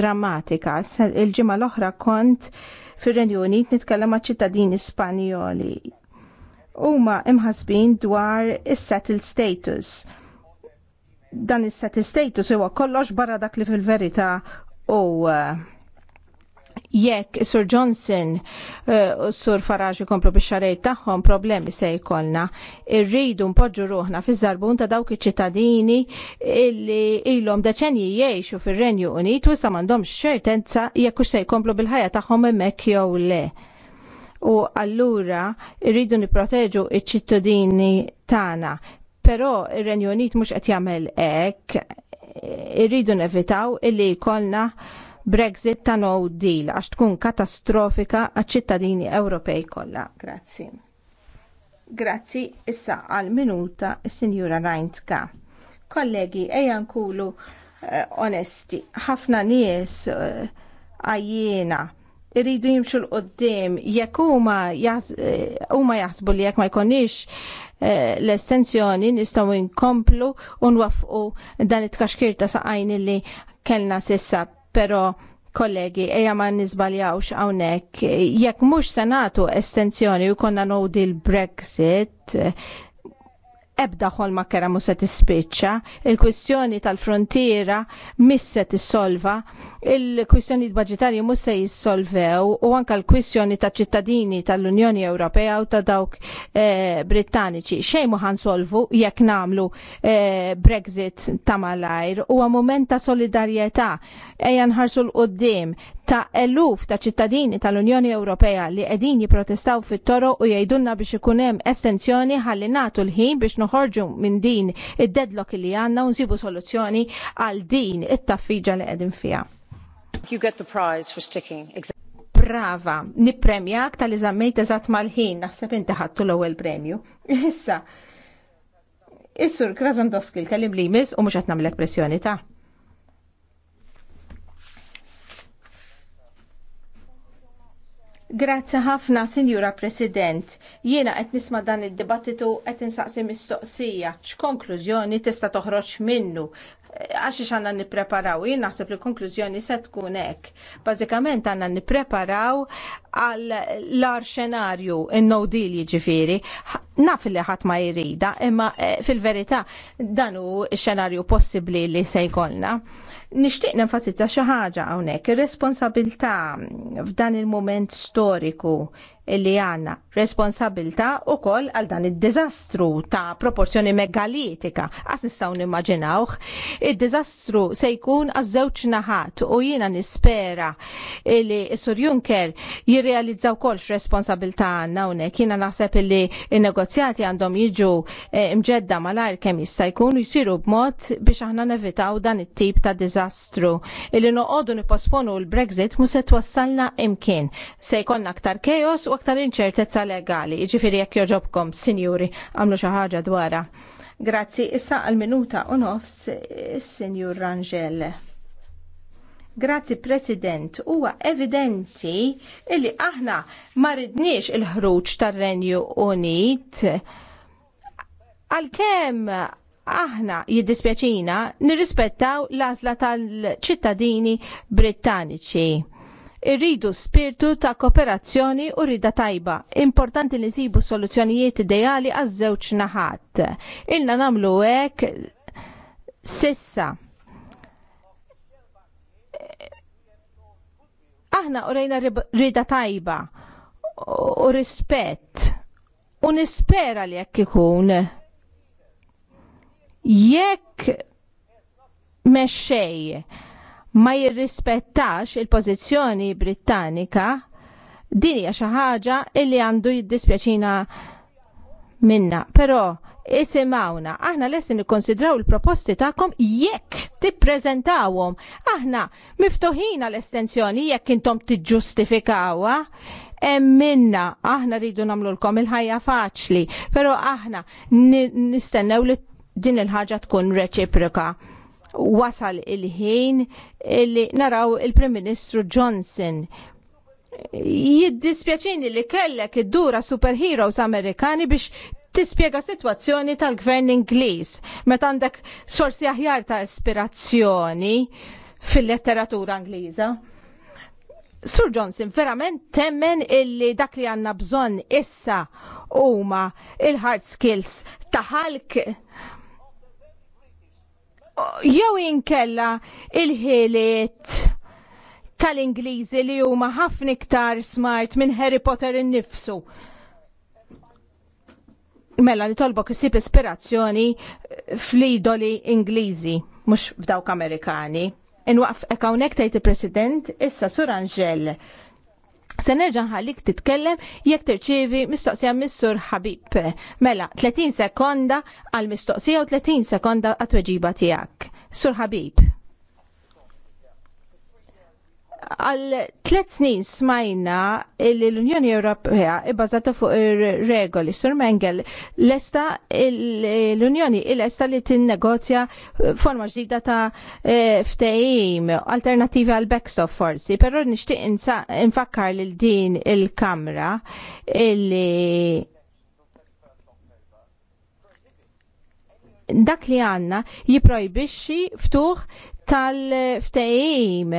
drammatika. Il-ġimgħa l-oħra kont fir-Renju Unit nitkellem ma' ċittadini Spanjoli. Huma imħasbin dwar is-settled status. Dan is-settled status huwa kollox barra dak li fil-verità u jekk Sur Johnson eh, u uh, Sur Farage ikomplu biex xarejt tagħhom problemi se jkollna. Irridu npoġġu ruħna fiż-żarbun ta' dawk iċ-ċittadini illi ilhom deċenji jgħixu fir-Renju Unit u issa m'għandhomx xertenza jekk hux se jkomplu bil-ħajja tagħhom hemmhekk jew le. U allura irridu nipproteġu iċ-ċittadini tagħna. Però ir-Renju Unit mhux qed jagħmel hekk irridu nevitaw illi jkollna Brexit ta' no deal għax tkun katastrofika għaċ-ċittadini Ewropej kollha. Grazzi. Grazzi issa għal minuta is-Sinjura Rajntka. Kollegi, ejja uh, onesti, ħafna nies eh, għajjena irridu jimxu l-qoddim, jekk eh, huma jaħsbu li jekk ma jkunniex l-estensjoni nistgħu nkomplu u nwaffqu dan it-tkaxkir ta' saqajn li kellna sissa Pero kollegi, eja ma nizbaljawx għawnek, jekk mux senatu estensjoni u konna nodi l Brexit, ebda ħolma kera mu se tispiċċa, il-kwistjoni tal-frontiera mis se tissolva, il-kwistjoni budgetarju mhux se jissolvew u anke l-kwistjoni ta' ċittadini tal-Unjoni Ewropea u ta' dawk eh, Brittaniċi. Xejn mu jekk nagħmlu eh, Brexit ta' malajr huwa mument ta' solidarjetà ejja nħarsu l-qoddim ta' eluf ta' ċittadini tal-Unjoni Ewropea li qegħdin jipprotestaw fit-toro u jgħidulna biex ikun hemm estensjoni ħalli nagħtu l-ħin biex noħorġu minn din id-deadlock li għandna u nsibu soluzzjoni għal din it-taffiġa li qegħdin fiha. You get the prize for sticking. Brava, nippremjak tal iżammejt eżatt mal-ħin, naħseb inti ħadtu l-ewwel premju. Issa, Is-sur Krasandowski l-kellim li jmiss u mhux qed nagħmel pressjoni ta' Grazzi ħafna, Sinjura President. Jiena qed nisma' dan id-dibattitu qed insaqsi mistoqsija. X'konklużjoni tista' toħroġ minnu? Għax ix għandna nippreparaw, jien naħseb li konklużjoni se tkun hekk. Bażikament għandna nippreparaw għal l-ar xenarju in-no deal jiġifieri. Naf li ħadd ma jrida, imma eh, fil-verità dan hu x-xenarju possibbli li se jkollna Nixtieq nenfasizza xi ħaġa hawnhekk, ir-responsabilità f'dan il-mument storiku li għanna responsabilta u koll għal dan il-dizastru ta' proporzjoni megalitika. Għas nistaw nimmaġinawħ, il-dizastru se jkun għazzewċ naħat u jina nispera li Sur Juncker jirrealizzaw kolx responsabilta għanna unek. Jina naħseb li il-negozjati għandhom jiġu eh, mġedda malajr kem jista' jkun u jisiru b'mod biex aħna nevitaw dan it-tip ta' dizastru. Illi noqogħdu niposponu l-Brexit mus se twassalna imkien. Se jkollna aktar kejos u aktar inċertezza legali, ġifiri jekk joġobkom, sinjuri, għamlu xi ħaġa dwarha. Grazzi, issa għal minuta u nofs is-Sinjur Rangel. Grazzi President, huwa evidenti illi aħna ma ridniex il-ħruġ tar-Renju Unit għalkemm aħna jiddispjaċina nirrispettaw l-għażla tal-ċittadini Brittaniċi irridu spirtu ta' kooperazzjoni u rida tajba. Importanti li nsibu soluzzjonijiet ideali għaż-żewġ naħat. Ilna namlu hekk sissa. Aħna urejna rida tajba u rispett u nispera li jekk ikun jekk mexxej ma jirrispettax il-pożizzjoni Brittanika din hija xi ħaġa li għandu jiddispjaċina minna. Però isimawna, aħna lesti nikkonsidraw il-proposti tagħkom jekk tippreżentawhom. Aħna miftuħina l-estensjoni jekk intom tiġġustifikawha minna aħna rridu lkom il-ħajja faċli, però aħna nistennew li din il-ħaġa tkun reċiproka wasal il-ħin li naraw il-Prim Ministru Johnson jiddispjaċini li kellek id-dura superheroes Amerikani biex tispjega situazzjoni tal-gvern Ingliż meta għandek sorsi aħjar ta' ispirazzjoni fil-letteratura Ingliża. Sur Johnson verament temmen illi dak li għanna bżonn issa huma il-hard skills ta' ħalk jew inkella il-ħiliet tal-Ingliżi li huma ħafna iktar smart minn Harry Potter innifsu. Mela li tolbok isib ispirazzjoni fl-idoli Ingliżi, mhux f'dawk Amerikani. Inwaqf hawnhekk tgħid il-President issa Sur Angel. Se nerġa' nħallik titkellem jekk tirċievi mistoqsija mis-sur Ħabib. Mela, 30 sekonda għal mistoqsija u 30 sekonda għat-tweġiba tiegħek. Sur Ħabib għal tlet snin smajna l-Unjoni Ewropea ibbażata fuq ir-regoli. Sur Mengel, l-esta l-Unjoni il-esta li tinnegozja forma ġdida ta' e, ftehim, alternativi għal backstop forsi, però nixtieq infakkar lil din il-Kamra illi dak li għanna jiprojbixxi ftuħ tal-ftehim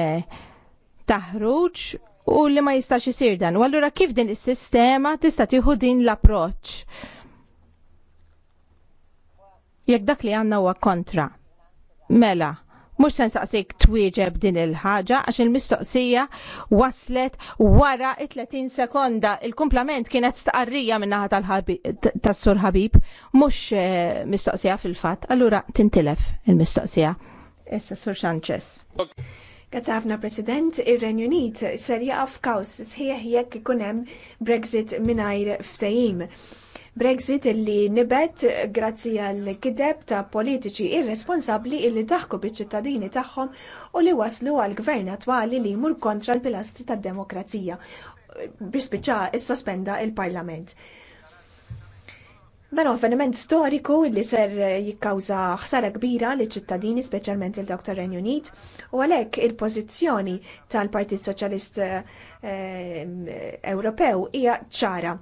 taħruġ u li ma jistax isir dan. U allura kif din is-sistema tista' tieħu din l-approċċ? Jekk dak li għandna huwa kontra. Mela, mhux se nsaqsik twieġeb din il-ħaġa għax il-mistoqsija waslet wara 30 sekonda. Il-kumplament kienet staqarrija minnaħa tas-sur Ħabib, mhux eh, mistoqsija fil fatt Allura tintilef il-mistoqsija. Issa sur Sanchez. Grazzi ħafna President, ir-Renju Unit ser jaqaf kaws sħiħ jekk ikun hemm Brexit mingħajr ftehim. Brexit illi nibet grazzi għal kideb ta' politiċi irresponsabbli illi daħku biċ-ċittadini tagħhom u li waslu għal gvern attwali li jmur kontra l-pilastri tad-demokrazija. Bispiċċa issospenda il-Parlament. il parlament Dan avveniment storiku li ser jikkawża ħsara kbira li ċittadini, speċjalment il dawk renju Unit, u għalhekk il-pożizzjoni tal-Partit Soċjalist eh, Ewropew hija ċara.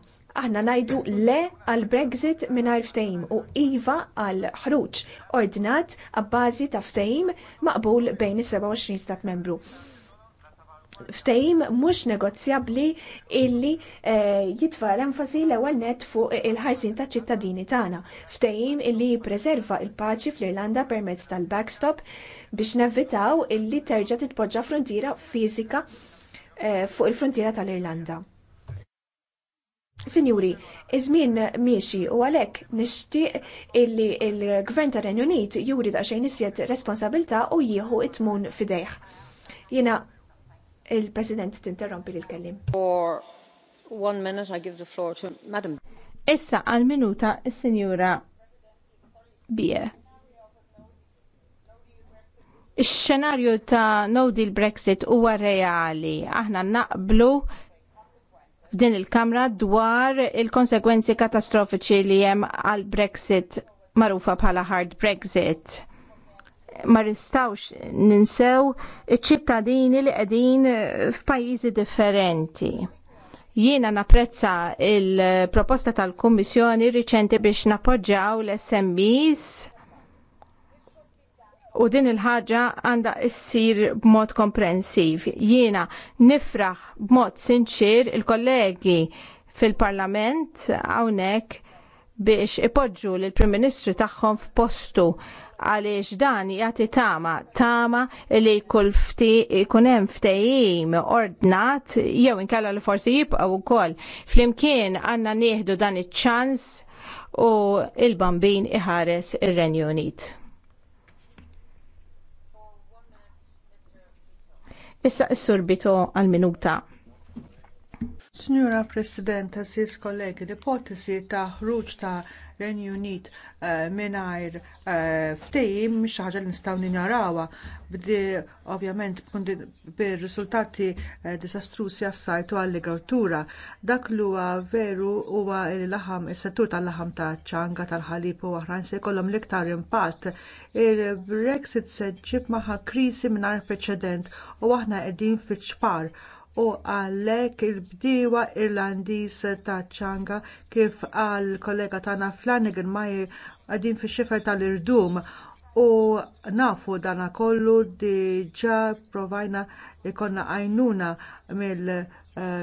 Aħna najdu le għal Brexit mingħajr ftehim u iva għal ħruġ ordinat għabbażi ta' ftehim maqbul bejn is-27 stat membru ftehim mhux negozjabbli illi eh, jitfa l-enfasi l-ewwel nett fuq il-ħarsin taċ ċittadini tagħna. Ftehim illi jippreserva l paċi fl-Irlanda permezz tal-backstop biex nevitaw illi terġa' titpoġġa frontiera fiżika eh, fuq il-frontiera tal-Irlanda. Sinjuri, iż-żmien miexi u għalhekk nixtieq illi l-Gvern tar-Renju Unit juri daqsxejn isjed responsabbilta' u jieħu t tmun fidejh. Jiena Il-President tinterrompi l-kellim. For one minute I give the floor to Madam. Issa għal minuta il sinjura Bie. Ix-xenarju ta' no deal Brexit huwa reali. Aħna naqblu f'din il-Kamra dwar il-konsekwenzi katastrofiċi li hemm għal Brexit magħrufa bħala hard Brexit ma ristawx ninsew iċ-ċittadini li qegħdin f'pajjiżi differenti. Jiena napprezza il-proposta tal-Kummissjoni riċenti biex napoġġaw l-SMBs u din il-ħaġa għandha ssir b'mod komprensiv. Jiena nifraħ b'mod sinċir il-kollegi fil-Parlament hawnhekk biex ipoġġu lill prim Ministru tagħhom f'postu għaliex dan jagħti tama, tama li kull jkun hemm ftehim ordnat jew inkella li forsi u wkoll. Flimkien għandna nieħdu dan iċ-ċans u l bambin iħares ir-Renju Unit. Issa s surbito għal-minuta. Signora Presidenta, sis kollegi, l-ipotesi ta' ħruġ ta' Renju Unit eh, mingħajr eh, ftehim xi ħaġa li nistgħu ninjarawha bdi ovvjament bir-riżultati diżastrużi eh, disastrusi sajtu għall legatura Dak l huwa veru huwa l-laħam is-settur tal-laħam ta' ċanga tal-ħalib u oħrajn se jkollhom l-iktar impatt. Il-Brexit se ġib maħa krisi mingħajr preċedent u aħna qegħdin fiċ-ċpar u għalhekk il-bdiewa Irlandiż ta' ċanga kif qal kollega tagħna Flanagan ma qegħdin fix xifer tal-irdum u nafu dana kollu diġà provajna ikonna għajnuna mill eh,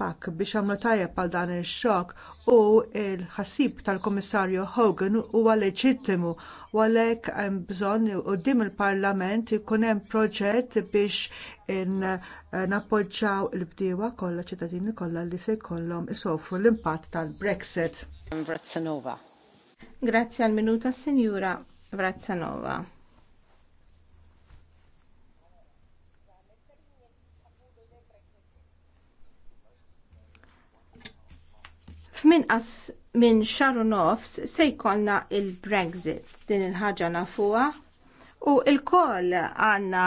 pak biex għamlu tajjeb għal dan ix-xokk u l-ħassib tal-Kummissarju Hogan huwa leġittimu u għalhekk hemm bżonn quddiem il-Parlament ikun hemm proġett biex eh, nappoġġjaw il-bdiewa kollha ċittadini kollha li se jkollhom isofru l-impatt tal-Brexit. Grazzi għal minuta Signora Vrazzanova. F'minqas minn xaru nofs se jkollna il-Brexit din il-ħaġa nafuha u lkoll koll għandna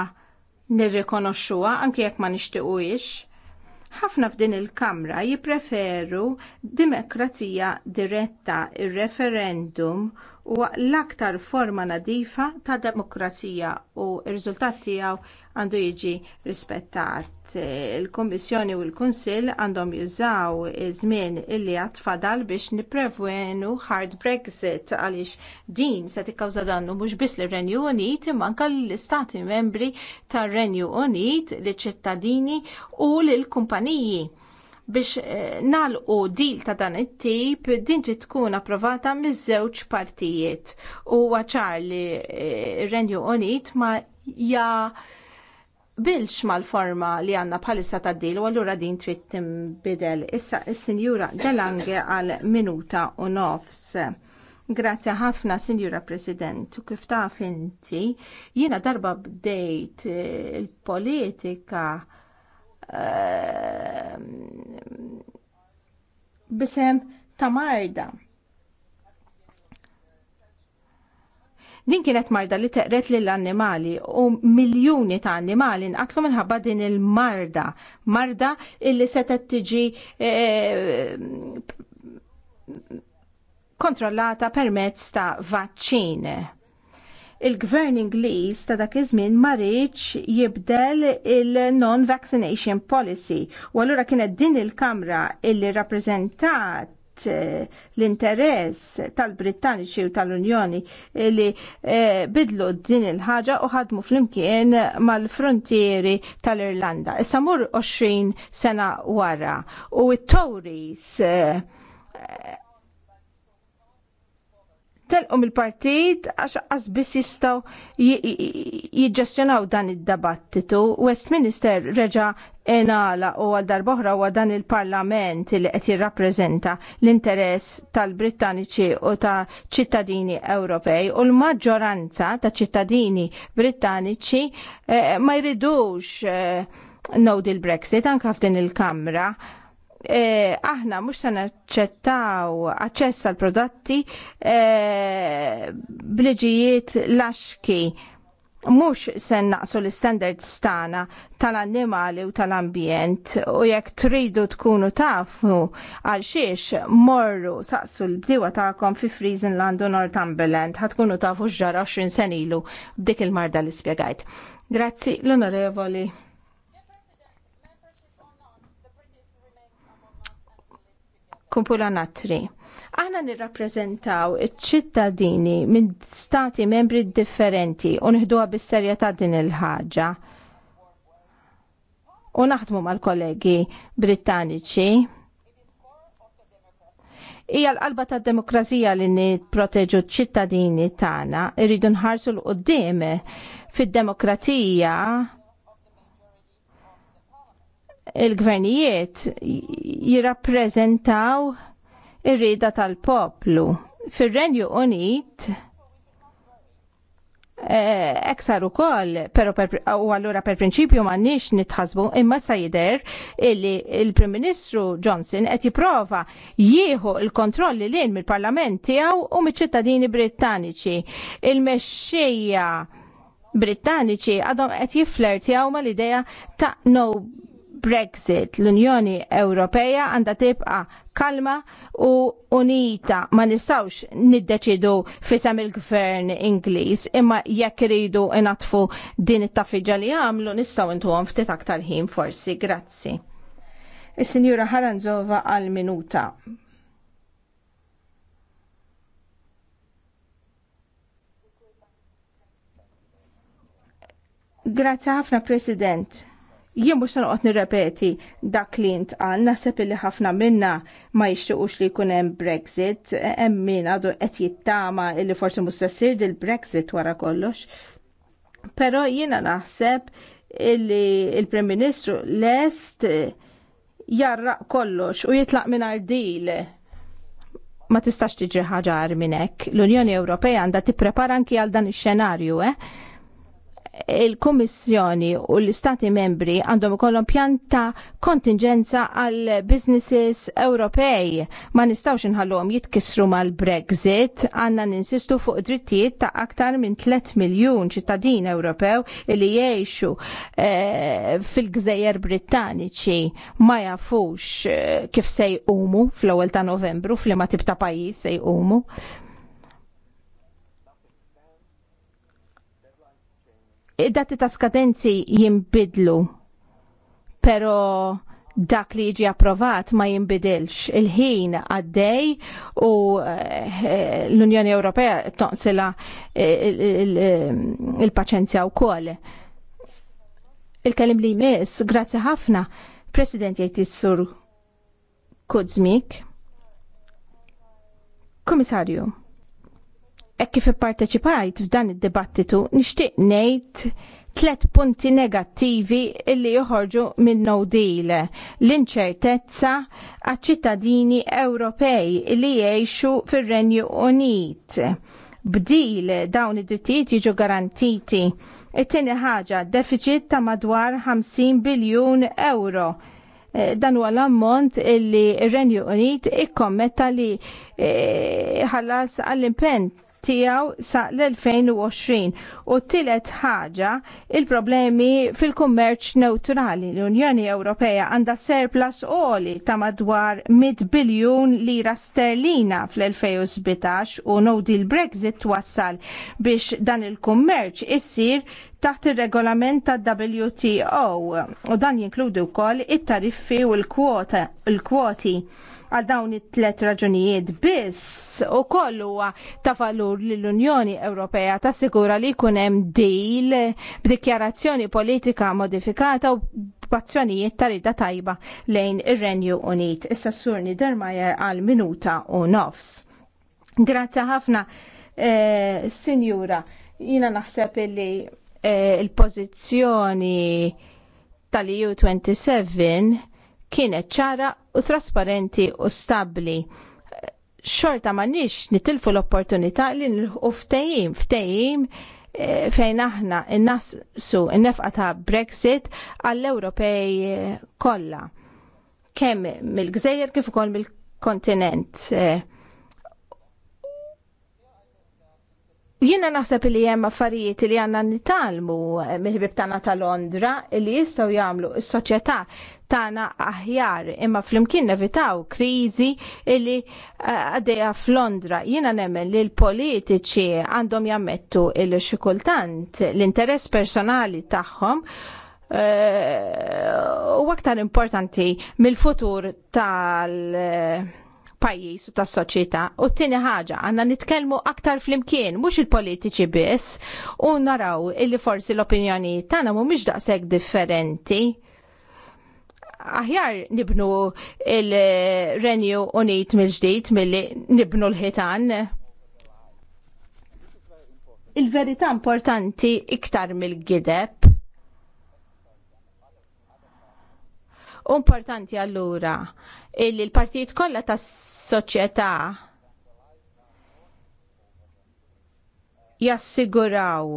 nirrikonoxxuha anke jekk ma nixtiequhiex ħafna f'din il-Kamra jippreferu demokrazija diretta, ir referendum huwa l-aktar forma nadifa ta' demokrazija u r-riżultat tiegħu għandu jiġi rispettat. Il-Kummissjoni u l-Kunsill għandhom jużaw iż żmien illi għad fadal biex nipprevenu hard Brexit għaliex din se tikkawża dannu mhux biss lir renju Unit imma anke l-istati membri tar-Renju Unit, liċ ċittadini u lill kumpaniji biex eh, nalqu dil ta' dan it-tip din trid tkun approvata miż-żewġ partijiet u ċar li eh, Renju Unit ma ja bilx mal-forma li għanna bħalissa ta' dil u allura din trid timbidel. Issa is-Sinjura Delange għal minuta u nofs. Grazie ħafna, Sinjura President. kif taf inti, jiena darba bdejt eh, il-politika Ehm, bisem ta' marda. Din kienet marda li teqret lill annimali u miljuni ta' annimali nqatlu minħabba din il-marda. Marda illi setet tiġi ehm, kontrollata permezz ta' vaccine il-gvern Ingliż ta' dak iż-żmien ma rridx jibdel il-non vaccination policy. U allura kienet din il-Kamra illi rappreżentat eh, l-interess tal-Brittaniċi u tal-Unjoni li eh, bidlu din il-ħaġa u ħadmu flimkien mal-frontieri tal-Irlanda. Issa mur 20 sena wara u it-Tories eh, telqom il-partit għax għazbis jistaw jiġġestjonaw dan id-dabattitu. Westminster reġa enala u għal darboħra u dan il-parlament li qed jirrappreżenta l-interess tal-Brittaniċi u ta' ċittadini Ewropej u l-maġġoranza ta' ċittadini Brittaniċi eh, ma jridux eh, no Brexit anka f'din il-Kamra eh, aħna mhux se naċċettaw aċċess għal prodotti eh, bliġijiet laxki mux sen naqsu l standard tagħna tal-annimali u tal-ambjent u jekk tridu tkunu tafu għal xiex morru saqsu l-bdiwa tagħkom fi Frizenland u Northumberland ħatkunu tafu x'ġara 20 senilu ilu b'dik il-marda li spjegajt. Grazzi l-onorevoli Kumpula Natri. Aħna nirrappreżentaw iċ-ċittadini minn stati membri differenti u nħduha bis-serjetà din il-ħaġa. U naħdmu mal-kollegi Brittaniċi Hija l-qalba tad demokrazija li nipproteġu ċ-ċittadini tagħna, irridu nħarsu l-qudiem fid-demokrazija il-gvernijiet jirrappreżentaw ir-rida tal-poplu. Fir-Renju Unit eh, eksar u koll, pero u għallura per prinċipju ma nix nitħasbu, imma sa jider illi il-Prim Ministru Johnson qed jiprofa jieħu il-kontrolli lejn mill-Parlament tiegħu u mill-ċittadini Brittaniċi. Il-mexxejja Brittaniċi għadhom qed jifflertjaw mal-idea ta' no Brexit. L-Unjoni Ewropea għandha tibqa kalma u unita ma nistawx niddeċidu fisem il-gvern Ingliż imma jekk iridu inatfu din it-tafiġa li għamlu nistgħu għom ftit aktar ħin forsi. Grazzi. Is-Sinjura Haranzova għal minuta. Grazzi ħafna President. Jien mhux se noqgħod nirrepeti dak li ntqal naħseb li ħafna minna ma jixtiequx li jkun hemm Brexit, hemm min għadu qed jittama li forsi mhux se ssir il-Brexit wara kollox. Però jiena naħseb illi il-Prim Ministru lest jarraq kollox u jitlaq minn ardil ma tistax tiġri ħaġa minn hekk. L-Unjoni Ewropea għandha tipprepara anki għal dan ix-xenarju, eh? il-Kummissjoni u l-Istati membri għandhom ikollhom pjan ta' kontingenza għal businesses Ewropej. Ma nistgħux inħallhom jitkissru mal-Brexit, għandna ninsistu fuq drittijiet ta' aktar minn 3 miljun ċittadin Ewropew li jgħixu e, fil-Gżejjer Brittaniċi ma jafux eh, kif se jqumu fl-ewwel ta' Novembru fl tibta pajjiż se jqumu. id-dati ta' skadenzi jimbidlu, pero dak li jiġi approvat ma jinbidilx. Il-ħin għaddej u eh, l-Unjoni Ewropea toqsila eh, il-paċenzja u koll. Il-kelim li jmiss, grazzi ħafna, President jgħid sur Kuzmik. Komissarju, hekk kif ipparteċipajt f'dan id-dibattitu nixtieq ngħid tlet punti negattivi illi joħorġu minn no deal l-inċertezza għaċ-ċittadini Ewropej li jgħixu fir-Renju Unit. Bdil dawn id-drittijiet jiġu garantiti. It-tieni ħaġa deficit ta' madwar 50 biljun euro e, dan huwa l-ammont illi r-Renju Unit ikkommetta li e, ħallas għall-impenn tiegħu sa l-2020. U tielet ħaġa il-problemi fil-kummerċ neutrali. L-Unjoni Ewropea għandha surplus oli ta' madwar 100 biljun lira sterlina fl-2017 u no deal Brexit wassal biex dan il-kummerċ issir taħt ir-regolament ta' WTO u dan jinkludi wkoll it-tariffi u l-kwota l-kwoti għal dawn it-tlet raġunijiet biss u kollu huwa ta' valur li l-Unjoni Ewropea ta sigura li jkun hemm deal b'dikjarazzjoni politika modifikata u b'azzjonijiet ta' rida tajba lejn ir-Renju Unit. Issa s-sur għal minuta u nofs. Grazzi ħafna, eh, Sinjura, jina naħseb li eh, il-pozizjoni tal-EU 27 kienet ċara u trasparenti u stabbli xorta ma nix nitilfu l-opportunità li nilħu ftejim, ftejim eh, fejn aħna innassu n-nefqa ta' Brexit għall-Ewropej eh, kollha. Kemm mill-Gżejjer kif ukoll mill-kontinent. Eh, Jiena naħseb li hemm affarijiet li għandna nitalmu mill-ħbib tagħna ta' Londra li jistgħu jagħmlu s-soċjetà tagħna aħjar imma flimkien nevitaw kriżi li eh, għaddejja f'Londra. Jiena nemmen li l-politiċi għandhom jammettu il xikultant l-interess personali tagħhom eh, u aktar importanti mill-futur tal- pajjiż u tas-soċjetà. U t-tieni ħaġa għandna nitkellmu aktar flimkien mhux il-politiċi biss u naraw illi forsi l-opinjoni tagħna mhumiex daqshekk differenti. Aħjar nibnu il-Renju Unit mill-ġdid milli nibnu l-ħitan il-verità importanti iktar mill-gideb Importanti allura illi l-partijiet kollha tas-soċjetà jassiguraw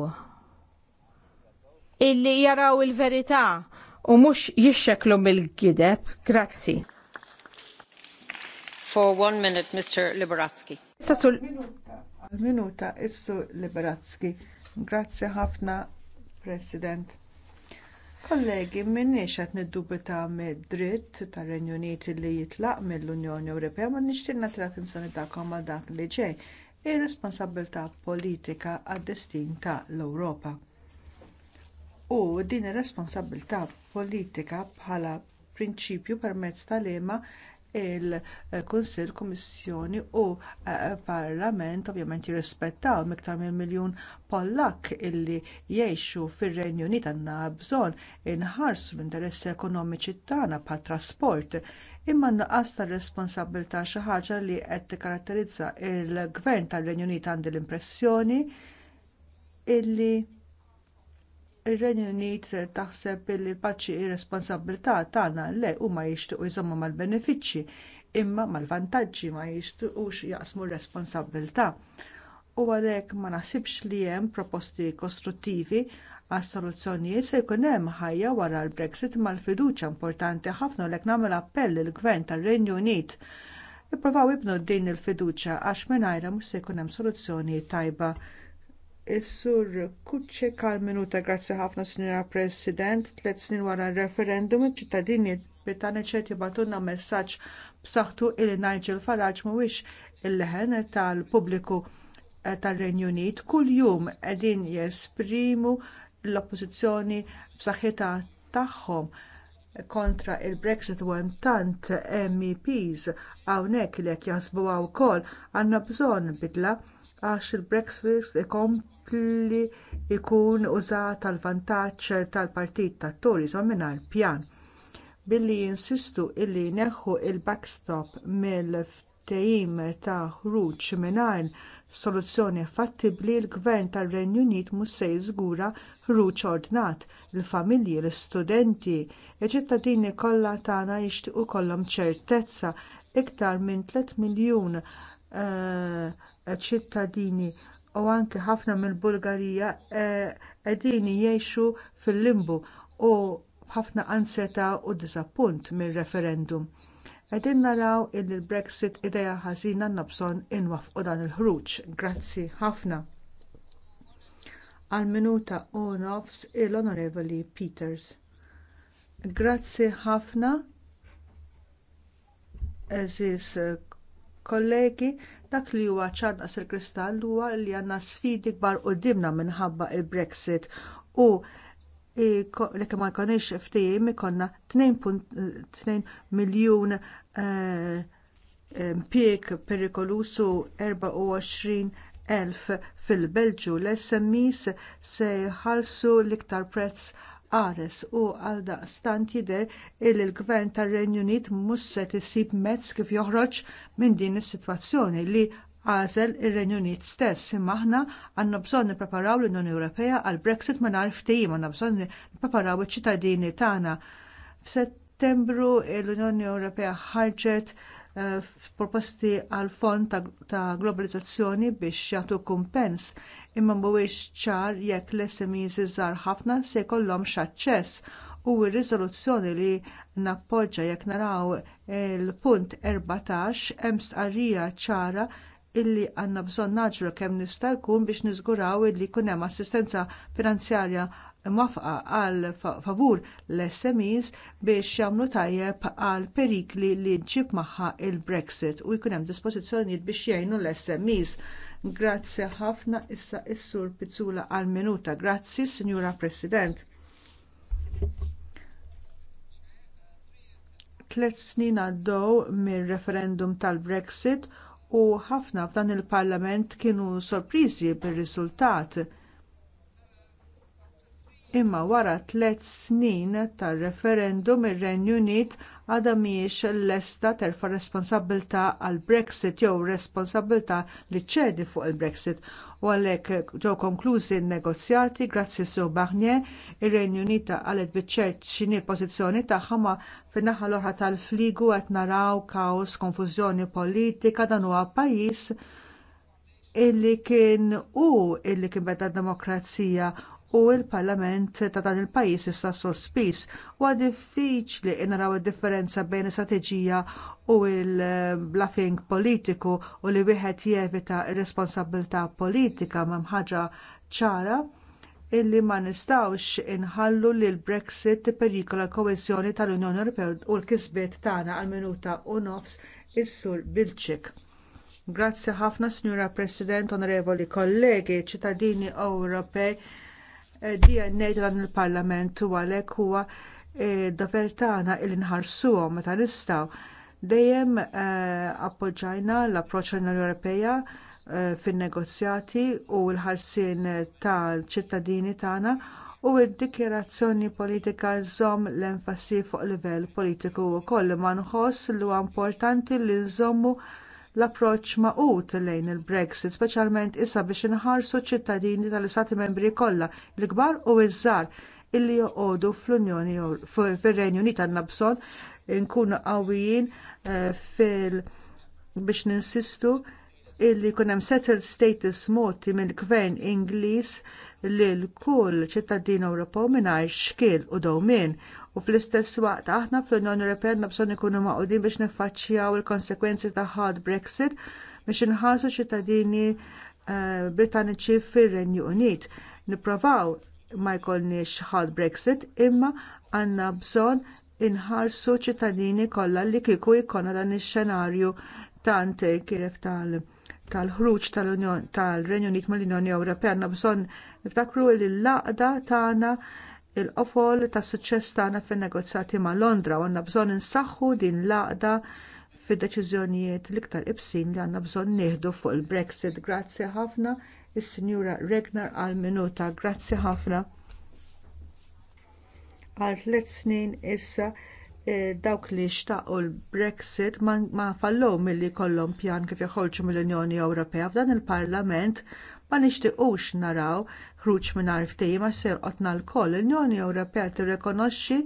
illi jaraw il-verità u mhux jixxeklu mill-gideb. Grazzi. For one minute, Mr. Liberatsky. Minuta, issu Liberatsky. Grazzi ħafna, President. Kollegi, minnix qed niddubita mid-dritt tar renju Unit li jitlaq mill-Unjoni Ewropea ma nixtilna trat ta' għal dak li ġej ir-responsabilità politika għad-destin tal ewropa U din ir-responsabilità politika bħala prinċipju permezz tal-ema il-Kunsill, Kummissjoni u eh, Parlament ovvjament jirrispettaw miktar minn miljun Pollak illi jgħixu fir-Renju Unit għandna bżonn inħarsu l-interessi ekonomiċi tagħna bħat trasport imma nuqqas ta' responsabilità xi ħaġa li qed tikkaratterizza l gvern tar-Renju Unit għandi l-impressjoni illi ir-Renju Unit taħseb li l-paċi ir-responsabilità tagħna le huma jixtiequ jżommu mal-benefiċċji imma mal-vantaġġi ma jixtiequx jaqsmu r-responsabilità. U għalhekk ma naħsibx li hemm proposti kostruttivi għas soluzzjonijiet se jkun hemm ħajja wara l-Brexit mal-fiduċja importanti ħafna lek nagħmel appell lill gvern tar-Renju Unit ippruvaw ibnu din il-fiduċja għax mingħajrha mhux se jkun hemm soluzzjoni tajba Is-sur Kuċċe kal minuta grazzi ħafna Sinjora President, tliet snin wara r referendum iċ-ċittadini Britanniċi qed jibatunna messaġġ b'saħħtu li Nigel Farage mhuwiex il-leħen tal-pubbliku eh, tar-Renju Unit kuljum qegħdin jesprimu l-oppożizzjoni b'saħħitha tagħhom kontra l brexit u tant MEPs hawnhekk li qed jaħsbuha wkoll għandna bżonn bidla għax il-Brexit ikompli jkun użat tal vantaġġ tal-partit tat-Tories mingħajr pjan billi jinsistu illi neħħu l il backstop mill-ftehim ta' ħruġ mingħajr soluzzjoni fattibbli l-Gvern tar-Renju Unit mhux se jiżgura ħruġ ordnat il-familji, l-istudenti, iċ-ċittadini kollha tagħna jixtiequ kollhom ċertezza iktar minn 3 miljun uh, ċittadini u anke ħafna mill-Bulgarija eh, qegħdin jgħixu fil-limbu u ħafna anseta u diżappunt mir-referendum. Qegħdin naraw li l brexit idea ħażina għandna bżonn inwafqu dan il-ħruġ. Grazzi ħafna. Għal minuta u nofs il-Onorevoli Peters. Grazzi ħafna eżis kollegi dak li huwa ċarnaqs il-kristall huwa li għandna sfidi kbar qudiemna minħabba l brexit u jekk ma jkunx ftehim ikonna 2.2 miljun eh, impjieg perikolusu 24,000 fil-Belġu l-SMEs se jħallsu l-iktar prezz qares u għaldaqstant jidher li l-gvern tar-Renju Unit mhux se tisib mezz kif joħroġ minn din is-sitwazzjoni li għażel ir-Renju Unit stess imma aħna għandna bżonn nippreparaw l-Unjoni Ewropea għal Brexit mingħajr ftehim għandna bżonn nippreparaw iċ-ċittadini tagħna. F'Settembru l-Unjoni Ewropea ħarġet proposti għal fond ta' globalizzazzjoni biex jagħtu kumpens imma mhuwiex ċar jekk l-SMEs żgħar ħafna se jkollhom x'aċċess u r-riżoluzzjoni li nappoġġa jekk naraw il-punt 14 hemm stqarrija ċara illi għandna bżonn naġru kemm nista' jkun biex niżguraw illi jkun hemm assistenza finanzjarja mwafqa għal favur l-SMEs biex jagħmlu tajjeb għal perikli li ġib magħha l brexit u jkun hemm dispożizzjonijiet biex jgħinu l-SMEs. Grazzi ħafna issa s-Sur Pizzula għal minuta. Grazzi, Signora President. Tliet snin għaddew mir-referendum tal-Brexit u ħafna f'dan il-Parlament kienu sorpriżi bir-riżultat imma wara tliet snin tar-referendum ir-Renju Unit għadha mhijiex lesta terfa' responsabbiltà għall Brexit jew responsabbiltà li ċedi fuq il-Brexit u għalhekk ġew konklużi n-negozjati grazzi Sur Barnier ir-Renju Unit qalet biċ x'inhi l-pożizzjoni tagħha ma fin-naħa l-oħra tal-fligu qed naraw kaos, konfużjoni politika dan huwa pajjiż illi kien hu illi kien beda d demokrazija u l-Parlament ta' dan il-pajjiż issa sospiż huwa diffiċli naraw id-differenza bejn istrateġija u l-bluffing politiku u li wieħed jevita r-responsabilità politika m'hemm ħaġa ċara illi ma nistgħux inħallu li l-Brexit perikola koesjoni tal-Unjoni Ewropea u l-kisbiet tagħna għal minuta u nofs is-sur Bilċik. Grazzi ħafna, Signora President, Onorevoli Kollegi, ċittadini Ewropej DNA ta' dan il-Parlament u għalhekk huwa eh, dover tagħna il nħarsuhom meta nistgħu dejjem eh, appoġġajna l-approċċ l-Unjoni Ewropea eh, fin-negozjati u l-ħarsien tal-ċittadini tagħna u d-dikjerazzjoni politika żomm l-enfasi fuq livell politiku wkoll ma nħoss li huwa importanti li nżommu l-approċċ maqut lejn il-Brexit, speċjalment issa biex inħarsu ċittadini tal-Istati Membri kollha l-kbar u iż-żgħar illi joqogħdu fl-Unjoni fir-Renju Unit għandna bżonn inkunu qawwijin eh, fil- biex ninsistu illi jkun hemm settled status mogħti mill-Gvern Ingliż lil kull ċittadin Ewropew mingħajr xkil u dewmien u fl-istess waqt aħna fl-Unjoni Ewropea bżonn ikunu maqudin biex niffaċċjaw il-konsekwenzi ta' ħadd Brexit biex inħarsu ċittadini eh, Britanniċi fir-Renju Unit. Nipprovaw ma jkollniex ħadd Brexit imma għandna bżonn inħarsu ċittadini kollha li kieku jkollna dan ix-xenarju tant kif tal tal-ħruġ tal-Renju Unit mal unjoni Ewropea għandna bżonn niftakru li l-laqda tagħna il-qofol tas suċċess tagħna fin-negozjati ma' Londra u għandna bżonn insaħħu din l-laqda fid-deċiżjonijiet l-iktar ibsin li għandna bżonn nieħdu fuq il-Brexit. Grazzi ħafna is-Sinjura Regnar għal minuta. Grazzi ħafna. Għal tliet snin issa Eh, dawk li xtaqqu l-Brexit ma fallow milli jkollhom pjan kif joħolġu mill-Unjoni Ewropea f'dan il-Parlament ma nixtiequx naraw ħruġ mingħajr ftehim għax se jolqotna lkoll. L-Unjoni Ewropea tirrikonoxxi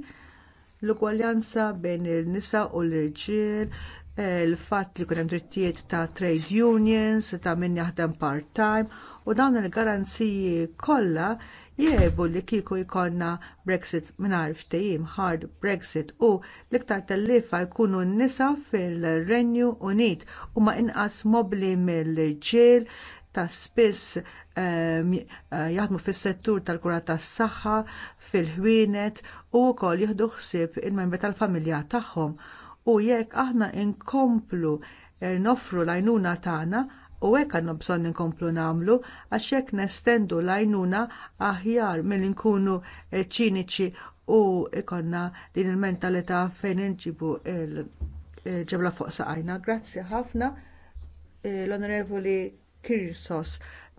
l-ugwaljanza bejn in-nisa u l-irġiel, il-fatt eh, li jkun hemm drittijiet ta' trade unions, ta' min jaħdem part-time u dawn il-garanziji kollha jiebu li kieku jkollna Brexit mingħajr ftehim hard Brexit u l-iktar tellifa jkunu n-nisa fil-Renju Unit huma inqas mobbli mill-ġiel ta' spiss ehm, eh, jaħdmu fis-settur tal-kura tas-saħħa, fil-ħwienet u wkoll jieħdu ħsieb il-membri tal-familja tagħhom. U jekk aħna inkomplu eh, nofru l-għajnuna tagħna, U hekk għandna bżonn inkomplu nagħmlu għax hekk nestendu l-għajnuna aħjar milli nkunu eh, ċiniċi u ikonna din il-mentalità fejn inġibu il-ġebla eh, fuq saqajna. Grazzi ħafna eh, l-Onorevoli Kirsos.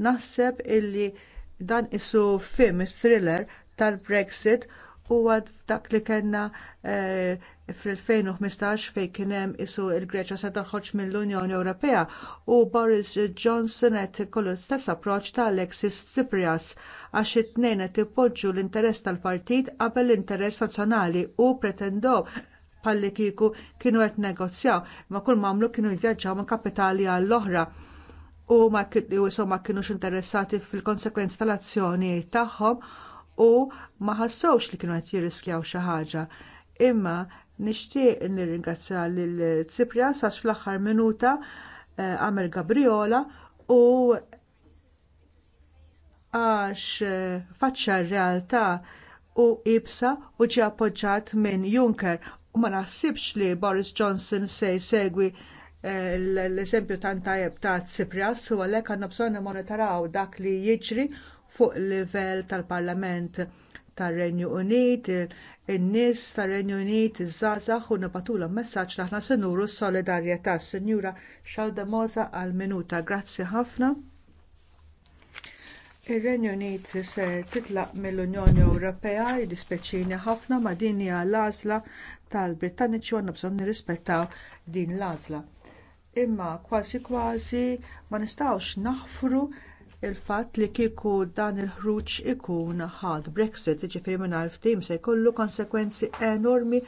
Naħseb illi dan isu film thriller tal-Brexit huwa dak li kellna eh, fl-2015 fejn kien hemm isu l greċja se toħroġ mill-Unjoni Ewropea u Boris Johnson qed kollu stess approċċ ta' Alexis Tsipras għax it-tnejn qed ipoġġu l-interess tal-partit qabel l-interess nazzjonali u pretendew palli kieku kienu qed negozjaw ma kull mamlu kienu jvjaġġaw minn kapitali għall-oħra u ma kienux interessati fil-konsekwenzi tal-azzjoni tagħhom u ma ħassewx li kienu qed jirriskjaw xi ħaġa. Imma nixtieq nirringrazzja lil Tsipra għax fl-aħħar minuta eh, għamel Gabriola u għax eh, faċċa r-realtà u ibsa u ġie appoġġjat minn Juncker u ma naħsibx li Boris Johnson se jsegwi eh, l-eżempju tant tajjeb ta' Tsipras u għalhekk għandna bżonn monitoraw dak li jiġri fuq livell tal-Parlament tar-Renju Unit, in-nies tar-Renju Unit, iż-żgħażagħ u nibatulhom messaġġ li aħna se nuru s-solidarjetà. Sinjura Xalda Moza għal minuta. Grazzi ħafna. Ir-Renju Unit se titlaq mill-Unjoni Ewropea jiddispeċini ħafna ma' din hija l-għażla tal-Brittaniċi u għandna bżonn nirrispettaw din l-għażla. Imma kważi kważi ma nistgħux naħfru il-fatt li kieku dan il-ħruġ ikun ħadd Brexit, jiġifieri mingħajr ftim se jkollu konsegwenzi enormi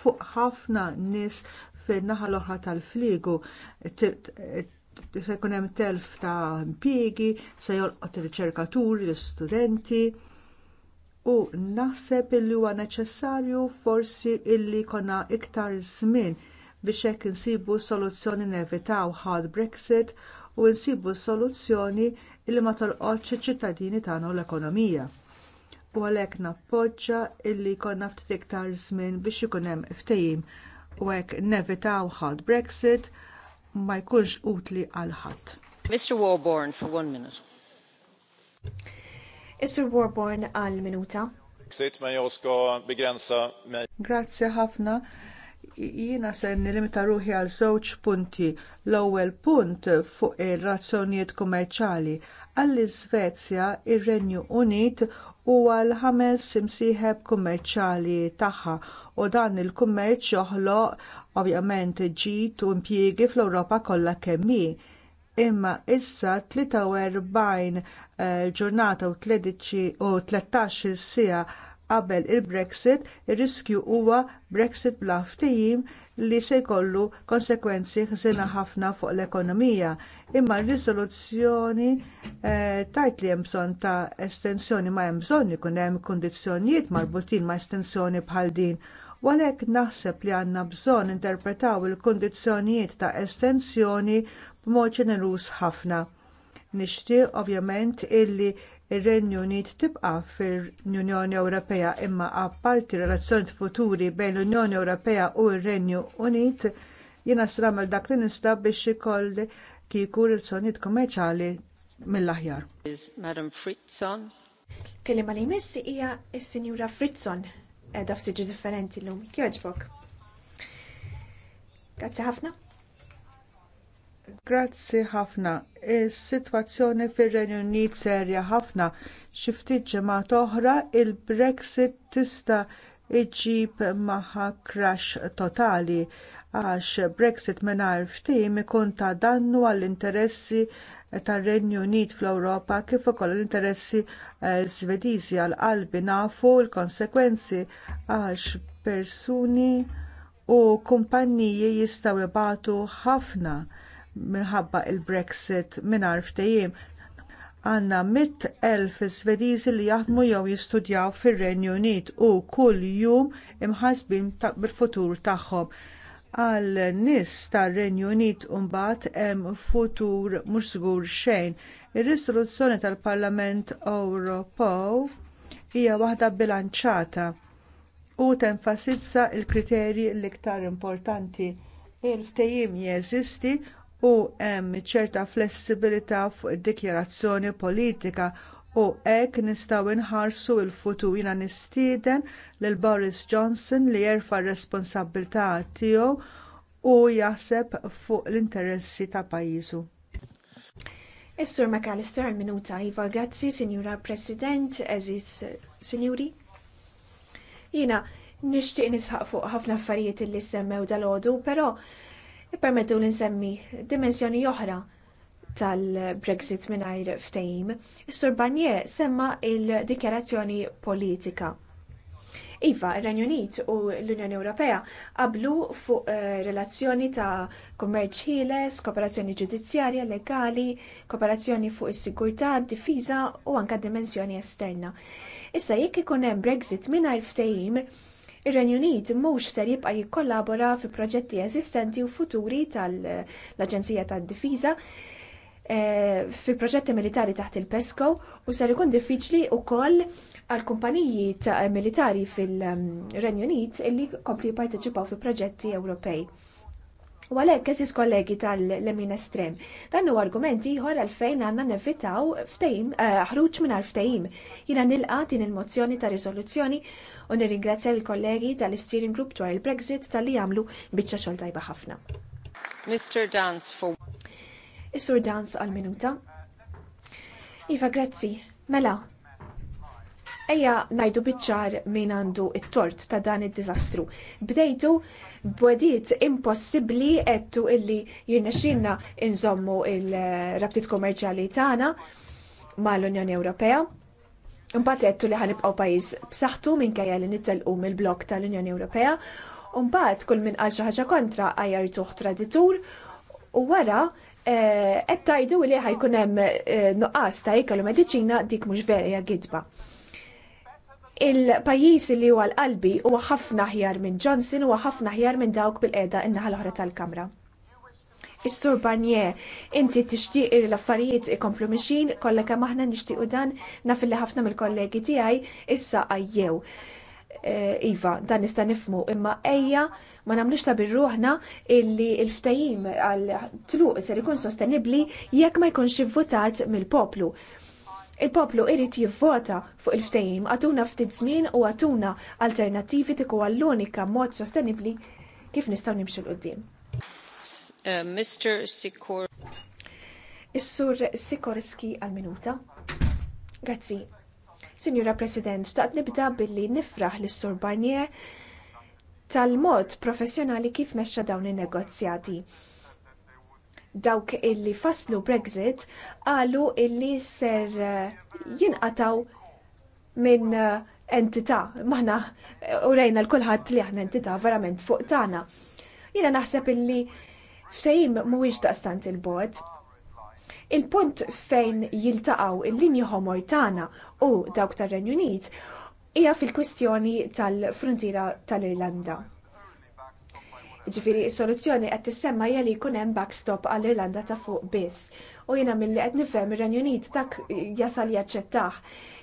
fuq ħafna nies fin-naħa l-oħra tal-fliegu. Se jkun hemm telf ta' impjiegi, se jolqot ir-riċerkaturi, l-istudenti. U naħseb li huwa neċessarju forsi illi jkollna iktar żmien biex hekk insibu soluzzjoni nevitaw ħadd Brexit u insibu soluzzjoni illi ma tolqotx iċ-ċittadini tagħna u l-ekonomija. U għalhekk nappoġġa illi jkollna ftit iktar żmien biex ikun hemm ftehim u hekk nevitaw ħadd Brexit ma jkunx utli għal ħadd. Mr. Warborn for one minute. Mr. Warborn għal minuta. Grazzi ħafna. Jiena se nilimita ruħi għal żewġ punti. L-ewwel punt fuq ir-razzjonijiet kummerċjali għall-Iżvezja ir-Renju Unit huwa l-ħames imsieħeb kummerċjali tagħha u dan il-kummerċ joħloq ovvjament ġid u impjiegi fl-Ewropa kollha kemm hi. Imma issa 43 eh, ġurnata u 13 siegħa qabel il-Brexit, ir-riskju huwa Brexit bla ftehim li se jkollu konsegwenzi ħsiena ħafna fuq l-ekonomija imma r-riżoluzzjoni eh, tajt li hemm bżonn ta' estensjoni ma hemm bżonn ikun hemm kundizzjonijiet marbutin ma' estensjoni bħal din. U għalhekk naħseb li għandna bżonn interpretaw il-kundizzjonijiet ta' estensjoni b'mod ġeneruż ħafna. Nixtieq ovvjament illi ir-Renju Unit tibqa' fil-Unjoni Ewropea imma apparti relazzjoni futuri bejn l-Unjoni Ewropea u r-Renju Unit jiena stramel dak li nista' biex ikolli kieku rizzjonijiet kommerċali mill-aħjar. Madam Fritzon. Kelima li messi hija s-Sinjura Fritzon edha f'siġi differenti l-lum. Kjoġbok. Grazzi ħafna. Grazzi ħafna. Is-sitwazzjoni fir-Renju Unit serja ħafna. Xi ftit ġimgħat oħra il-Brexit tista' iġib magħha crash totali għax Brexit mingħajr ftehim ikun ta' dannu għall-interessi tar-Renju Unit fl-Ewropa kif ukoll l-interessi Żvediżi eh, għal qalbi nafu l-konsekwenzi għax persuni u kumpaniji jistgħu jibagħtu ħafna minħabba l brexit mingħajr ftehim għanna elf żvediżi li jaħdmu jew jistudjaw fir-Renju Unit u kull jum imħasbin bil-futur tagħhom għal nies tar-Renju Unit u mbagħad hemm futur mhux żgur xejn. Ir-risoluzzjoni tal-Parlament Ewropew hija waħda bilanċata u tenfasizza l-kriterji l-iktar importanti. Il-ftehim jeżisti u hemm ċerta flessibilità fuq id-dikjarazzjoni politika u hekk nistgħu nħarsu l-futur jiena nistieden lil Boris Johnson li jerfa' r-responsabbiltà tiegħu u jaħseb fuq l-interessi ta' pajjiżu. Is-Sur McAllister minuta Iva, grazzi Sinjura President, eżis Sinjuri. Jiena nixtieq nisħaq fuq ħafna affarijiet li semmew dal-għodu, però permettu li nsemmi dimensjoni oħra tal-Brexit mingħajr ftehim, is-Sur Barnier semma l dikjarazzjoni politika. Iva, ir-Renju Unit u l-Unjoni Ewropea qablu fuq eh, relazzjoni ta' kummerċ ħieles, kooperazzjoni ġudizzjarja, legali, kooperazzjoni fuq is-sigurtà, difiża u anke dimensjoni esterna. Issa jekk ikun hemm Brexit mingħajr ftehim, ir-Renju Unit mhux ser jibqa' jikkollabora fi proġetti eżistenti u futuri tal-Aġenzija tad-Difiża Eh, fi proġetti militari taħt il-PESCO u ser ikun diffiċli wkoll għal kumpaniji ta' militari fil-Renju Unit illi kompli jipparteċipaw fi proġetti Ewropej. U għalhekk eżis kollegi tal-lemin estrem, dan huwa argument ieħor għalfejn għandna nevitaw ftehim eh, ħruġ mingħajr ftehim. Jiena nilqa' din il-mozzjoni ta' riżoluzzjoni u nirringrazzja l-kollegi tal-Steering Group dwar il-Brexit tal-li jagħmlu biċċa xogħol tajba ħafna. Mr. Dance for Is-sur Dans għal minuta. Iva, grazzi. Mela, Ejja ngħidu biċ-ċar min għandu t tort ta' dan id-diżastru. Bdejtu bwediet impossibbli għedtu illi jirnexxinna inżommu il-rabtiet kummerċjali tagħna mal-Unjoni Ewropea. Imbagħad għedtu li ħanibqgħu pajjiż b'saħħtu minkejja li nittelqu mill-blok tal-Unjoni Ewropea. mbagħad kull min qal xi ħaġa kontra għajjartuh traditur u wara Eh, qed tgħidu li ħajkun hemm eh, nuqqas ta' ikel u mediċina dik mhux vera hija gidba. Il-pajjiż li huwa l-qalbi huwa ħafna ħjar minn Johnson huwa ħafna ħjar minn dawk bil-qiegħda in-naħa l-oħra tal-Kamra. Is-Sur Barnier, inti tixtieq l-affarijiet ikomplu mixin, kollha kemm aħna nixtiequ dan naf li ħafna mill-kollegi tiegħi issa għajjew. Eh, iva, dan nista' nifmu imma ejja ma nagħmlux ta' birruħna illi l-ftajim għal tluq ser ikun sostenibbli jekk ma jkunx ivvutat mill-poplu. Il-poplu irid jivvota fuq il-ftajim għatuna ftit żmien u għatuna alternattivi tiku għall-unika mod sostenibbli kif nistgħu nimxu l qoddim eh, Mr. Sikor. Is-sur Sikorski għal-minuta. Grazzi. Signora President, xtaqt nibda billi nifraħ lis sur Barnier tal-mod professjonali kif mexxa dawn in-negozjati. Dawk illi faslu Brexit qalu illi ser eh, jinqataw minn eh, entità, maħna eh, urejna l-kulħadd li aħna entità verament fuq tagħna. Jiena naħseb illi ftehim mhuwiex daqstant il bogħod Il-punt fejn jiltaqgħu il-linji homor tagħna u dawk tar-Renju Unit hija fil-kwistjoni tal-fruntiera tal-Irlanda. Ġifieri s-soluzzjoni qed tissemma hija li jkun hemm backstop għall-Irlanda ta' fuq biss u jiena milli qed nifhem ir-Renju Unit dak jasal jaċċettah.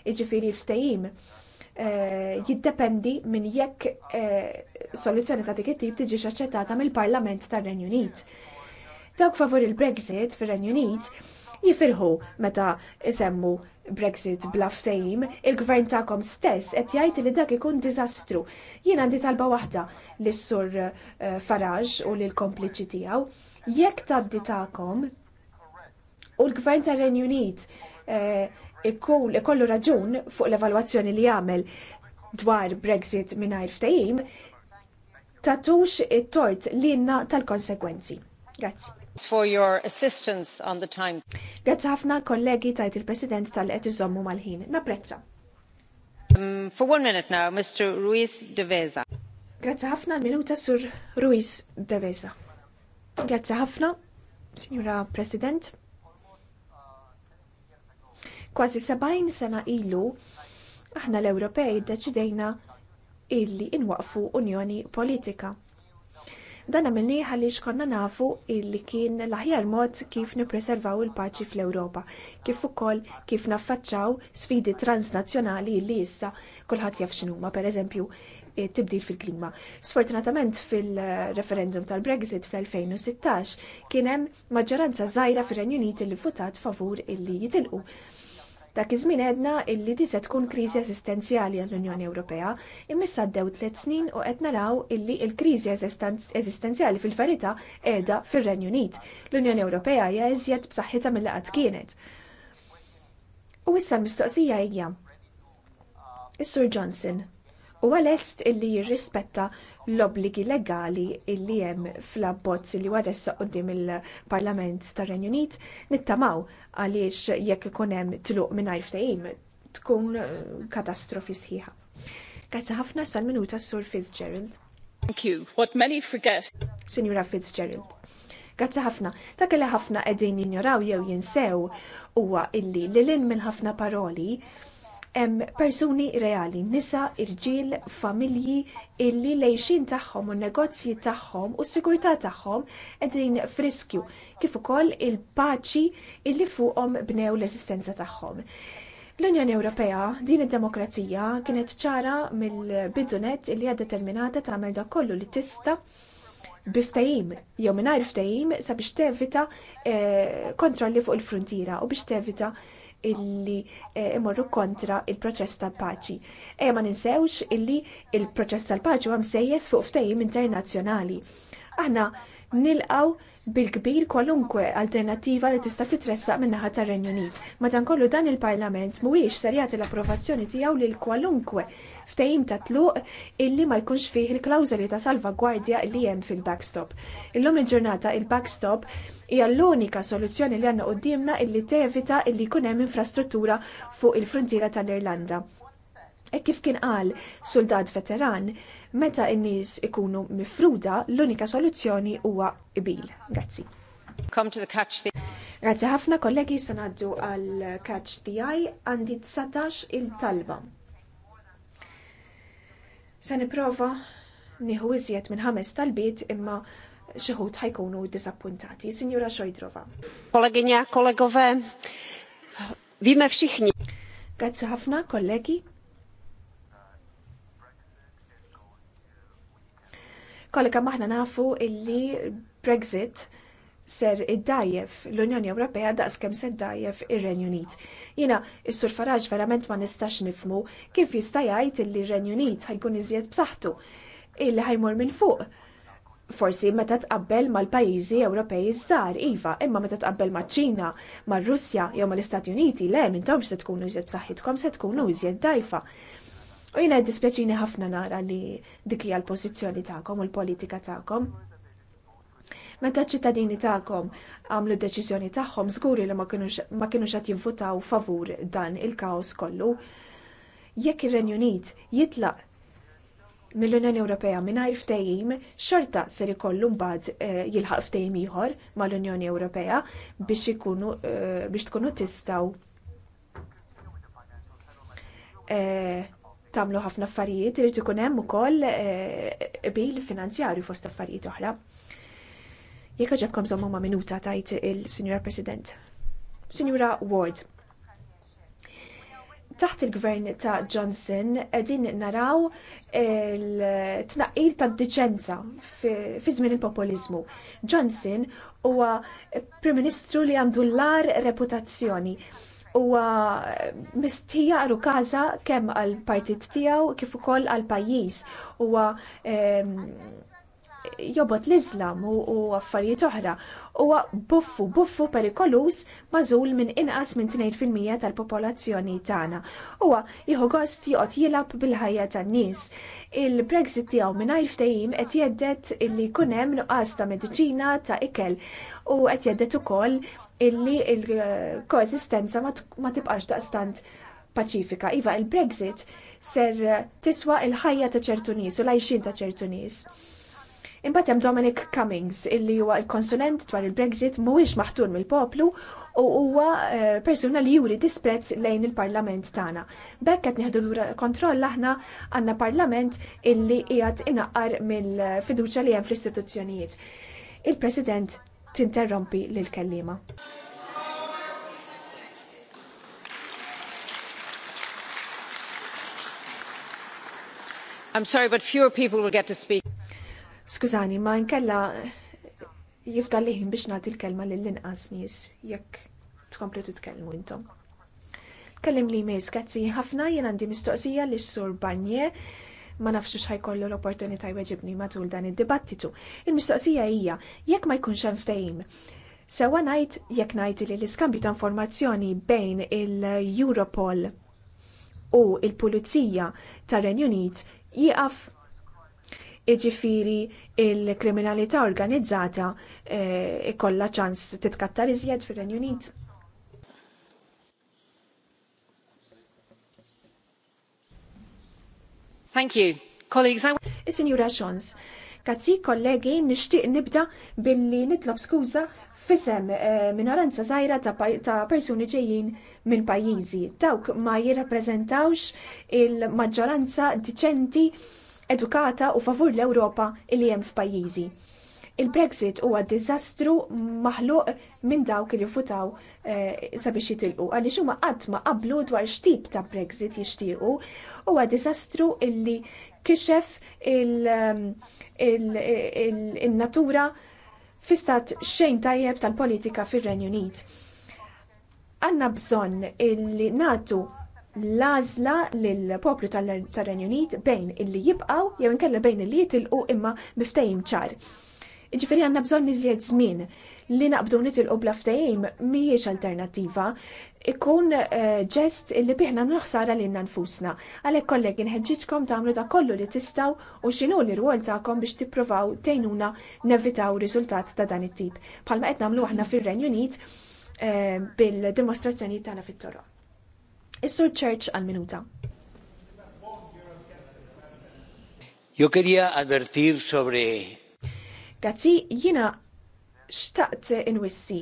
Jiġifieri l-ftehim eh, jiddependi minn jekk eh, soluzzjoni ta' dik it-tip tiġi aċċettata mill-Parlament tar-Renju Unit. Dawk favur il-Brexit fir-Renju Unit jifirħu meta isemmu Brexit bla ftehim, il-gvern tagħkom stess qed jgħid li dak ikun diżastru. Jien għandi talba waħda lis sur eh, Farage u lil kompliċi tiegħu. Jekk tgħaddi tagħkom u l-gvern tar-Renju Unit eh, ikollu raġun fuq l-evalwazzjoni li jagħmel dwar Brexit mingħajr ftehim, tatux it-tort lilna tal-konsekwenzi. Grazzi for your assistance on the time. Grazzi ħafna kollegi tajt il-President tal-qed iżommu mal-ħin. Napprezza. Um, for one minute now, Mr. Ruiz de Veza. Grazzi ħafna minuta sur Ruiz de Veza. Grazzi ħafna, Signora President. Kważi 70 sena ilu, aħna l-Ewropej deċidejna illi inwaqfu Unjoni Politika Dan għamilni li konna nafu illi kien l-aħjar mod kif nippreservaw il-paċi fl-Ewropa, kif ukoll kif naffaċċaw sfidi transnazzjonali li issa kulħadd jaf x'inhuma, pereżempju tibdil fil-klima. Sfortunatament fil-referendum tal-Brexit fl-2016 kien hemm maġġoranza żgħira fir-Renju Unit li votat favur illi jitilqu. Dak iż-żmien għedna illi disa tkun kriżi eżistenzjali għall-Unjoni Ewropea, immissa għaddew tliet snin u qed naraw illi l-kriżi eżistenzjali fil-verità qiegħda fir-Renju Unit. L-Unjoni Ewropea hija iżjed b'saħħitha mill qatt kienet. U issa l-mistoqsija hija. Is-Sur Johnson, huwa lest illi jirrispetta l-obbligi legali illi hemm fl-abbozz li waressa quddiem il-Parlament tar-Renju Unit nittamaw għaliex jekk ikun hemm tluq mingħajr ftehim tkun eh, katastrofi sħiħa. Grazzi ħafna sal-minuta Sur Fitzgerald. Thank you. What many forget. Signora Fitzgerald. Grazzi ħafna. Dak ħafna qegħdin jinjoraw jew jinsew huwa illi lilin minn ħafna paroli hemm persuni reali, nisa, irġiel, familji illi lejxin tagħhom u n negozji tagħhom u s-sigurtà tagħhom qegħdin friskju kif ukoll il-paċi illi fuqhom bnew l-eżistenza tagħhom. L-Unjoni Ewropea din id-demokrazija kienet ċara mill-bidunet illi hija determinata tagħmel dak kollu li tista' biftajim, jew mingħajr ftehim sabiex tevita eh, kontrolli fuq il-frontiera u biex tevita illi eh, imorru kontra il-proċess tal-paċi. Ejja ma ninsewx illi il-proċess tal-paċi għam sejjes fuq ftajim internazzjonali. Aħna nilqaw bil-kbir kwalunkwe alternattiva li tista' titressaq min-naħa tar-Renju Unit. Madankollu dan il-Parlament mhuwiex ser jagħti l-approvazzjoni tiegħu lil kwalunkwe ftehim ta' tluq illi ma jkunx fih il-klawżoli ta' salvagwardja li hemm fil-backstop. Illum il-ġurnata il-backstop hija l-unika soluzzjoni li għandna qudiemna illi tevita illi jkun hemm infrastruttura fuq il-frontiera tal-Irlanda. E kif kien qal soldat veteran, Meta n-nies ikunu mifruda, l-unika soluzzjoni huwa ibil. Grazzi. Come to the catch the... Grazzi ħafna kollegi sanaddu għal catch tiegħi għandi 19 il-talba. Se nipprova nieħu iżjed minn ħames talbiet imma xi ħajkunu disappuntati. Signora Xojdrova. Kolleginja, kollegove, vime fxiħni. Grazzi ħafna kollegi. Kollha kam aħna nafu illi Brexit ser id id-dajjef l-Unjoni Ewropea daqs ser se dajjef ir-Renju Unit. Jiena s-Sur Faraġ verament ma nistax nifmu kif jista' jgħid illi r-Renju Unit ħajkun iżjed b'saħħtu illi ħajmur minn fuq. Forsi meta tqabbel mal-pajjiżi Ewropej żgħar iva, imma meta tqabbel maċ-Ċina, mar-Russja jew mal-Istati Uniti le m'intomx se tkunu iżjed b'saħħitkom se tkunu iżjed dajfa. U jina dispjaċini ħafna nara li dik l-pożizzjoni tagħkom u l-politika tagħkom. Meta ċittadini tagħkom għamlu d-deċiżjoni tagħhom żguri li ma kinux qed jivvutaw favur dan il-kaos kollu. Jekk ir-Renju Unit jitlaq mill-Unjoni Ewropea mingħajr ftehim, xorta ser ikollu mbagħad eh, jilħaq ftehim ieħor mal-Unjoni Ewropea biex ikunu eh, biex tkunu tistgħu eh, tagħmlu ħafna affarijiet, irid ikun hemm ukoll eh, bil finanzjarju fost affarijiet oħra. Jekk ġabkom żommu ma' minuta tajt il-Sinjura President. Sinjura Ward. Taħt il-gvern ta' Johnson qegħdin naraw il tnaqil ta' diċenza fi żmien il-populizmu. Johnson huwa Prim Ministru li għandu l lar reputazzjoni huwa mistijaqru każa kemm għall partit tiegħu kif ukoll għall pajjiż huwa ehm, jobot l iżlam u affarijiet oħra huwa buffu, buffu perikolus mażul minn inqas minn 2% tal-popolazzjoni tagħna. Huwa jieħu gost joqgħod jilab bil-ħajja tan-nies. Il-Brexit tiegħu mingħajr ftehim qed jeddet illi jkun hemm nuqqas ta' mediċina ta' ikel u qed jeddet ukoll illi l-koeżistenza ma tibqax daqstant paċifika. Iva, il-Brexit ser tiswa il-ħajja ta' ċertu nies u l ta' ċertu nies. Imbagħad hemm Dominic Cummings illi huwa l-konsulent dwar il-Brexit mhuwiex maħtur mill-poplu u huwa eh, persuna li juri disprezz lejn il-Parlament tagħna. Bekk qed nieħdu lura kontroll aħna għandna Parlament illi qiegħed inaqqar mill-fiduċja li hemm fl-istituzzjonijiet. Il-President tinterrompi lil kellima. I'm sorry, but fewer people will get to speak. Skużani, ma nkella jifdal liħin biex nagħti l-kelma lill-inqas nies jekk tkompli titkellmu intom. Kellim li mejz, grazzi ħafna jien għandi mistoqsija li s sur Barnier ma nafxux ħajkollu l-opportunità jweġibni matul dan id-dibattitu. Il-mistoqsija hija jekk ma jkunx hemm ftehim. Sewa ngħid jekk ngħid li l-iskambju ta' informazzjoni bejn il-Europol u l-Pulizija tar-Renju Unit Iġifiri il-kriminalità organizzata eh, ikolla ċans titkattar iżjed fir-Renju Unit. Thank you. Colleagues, I... Is-Sinjura eh, Xons, Kazzi kollegi nixtieq nibda billi nitlob skuża fisem eh, minoranza żgħira ta' persuni ġejjin minn pajjiżi. Dawk ma jirrappreżentawx il-maġġoranza diċenti edukata u favur l-Ewropa li hemm f'pajjiżi. Il-Brexit huwa diżastru maħluq minn dawk li futaw eh, sabiex jitilqu għaliex huma qatt ma qablu dwar x'tip ta' Brexit jixtiequ huwa diżastru illi kixef il-natura fi xejn tajjeb tal-politika fir-Renju Unit. Għandna bżonn illi nagħtu l-għażla lill-poplu tal-Renju Unit bejn illi jibqgħu jew inkella bejn illi jitilqu imma miftejim ċar. Ġifieri għandna bżonn iżjed żmien li naqbdu nitilqu bla ftejim mhijiex alternattiva, ikun eh, ġest illi biħna mluħsara li nfusna. Għalhekk kollegi nħeġġitkom tagħmlu ta' kollu li tistaw u x'inhu l rwol tagħkom biex tippruvaw tejnuna nevitaw riżultat ta' dan it-tip. Palma qed nagħmlu aħna fir-Renju Unit eh, bil-dimostrazzjoni tagħna fit-toroq. Is-Sur Church għal minuta. Jo kerja advertir sobre Gazzi, jiena xtaqt inwissi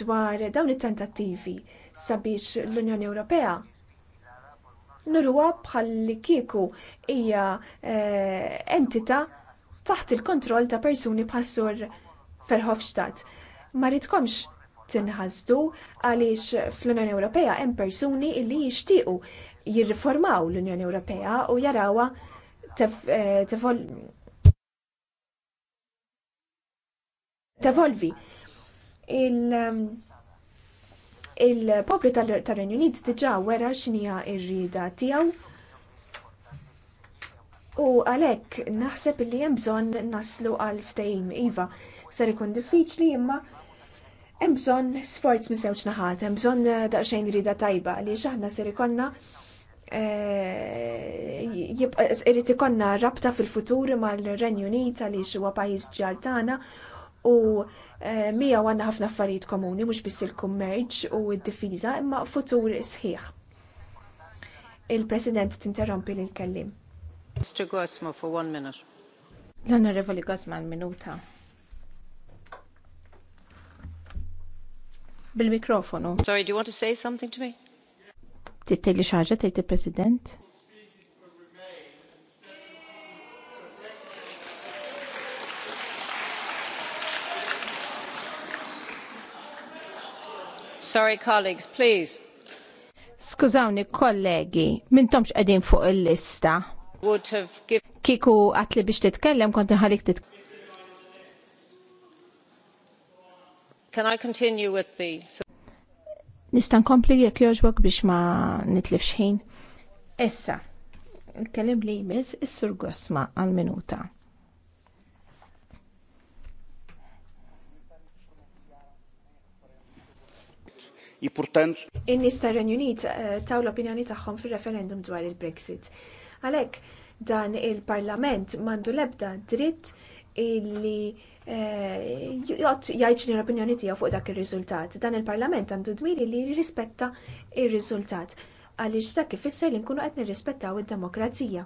dwar dawn it-tentattivi sabiex l-Unjoni Ewropea nurwa bħalli kieku hija eh, entita taħt il-kontroll ta' persuni bħassur Verhofstadt. Ma rridkomx tinħasdu għaliex fl-Unjoni Ewropea hemm persuni li jixtiequ jirriformaw l-Unjoni Ewropea u jarawha eh, tevolvi. Ehm, il-poplu tal-Renju Unit diġà wera x'inhija r-rieda tiegħu u għalhekk naħseb li hemm bżonn naslu għal ftehim iva. Ser ikun diffiċli imma Hemm bżonn sforz minn żewġ naħat, hemm bżonn eh, daqsxejn rida tajba li x'aħna ser ikonna eh, irid ikonna rabta fil-futur mal-Renju Unit għaliex huwa pajjiż ġar tagħna u eh, mija għandna ħafna affarijiet komuni mhux biss il-kummerċ u d-difiża imma futur sħiħ. Il-President tinterrompi lil kellim. Mr. Gosma for one minute. L-Onorevoli Gosma minuta. bil-mikrofonu. Sorry, do you want to say something to me? Tittilli xaġa tgħid il-President? Sorry, colleagues, please. Skużawni, kollegi, mintomx qegħdin fuq il-lista. Would have given... Kiku għatli biex titkellem, konti għalik titkellem. Can I continue with the... Nista' nkompli jekk jogħġbok biex ma nitlifx ħin. Issa, nkellim li jmiss is-sur Gosma għal-minuta. importanti. In-nies tar-Renju Unit eh, taw l-opinjoni tagħhom fir-referendum dwar il-Brexit. Għalhekk dan il-Parlament m'għandu l-ebda dritt illi eh, jgħod li l-opinjoni tiegħu fuq dak ir-riżultat. Dan il-Parlament għandu dmiri li jirrispetta il riżultat għaliex dak ifisser li nkunu qed nirrispettaw id-demokrazija.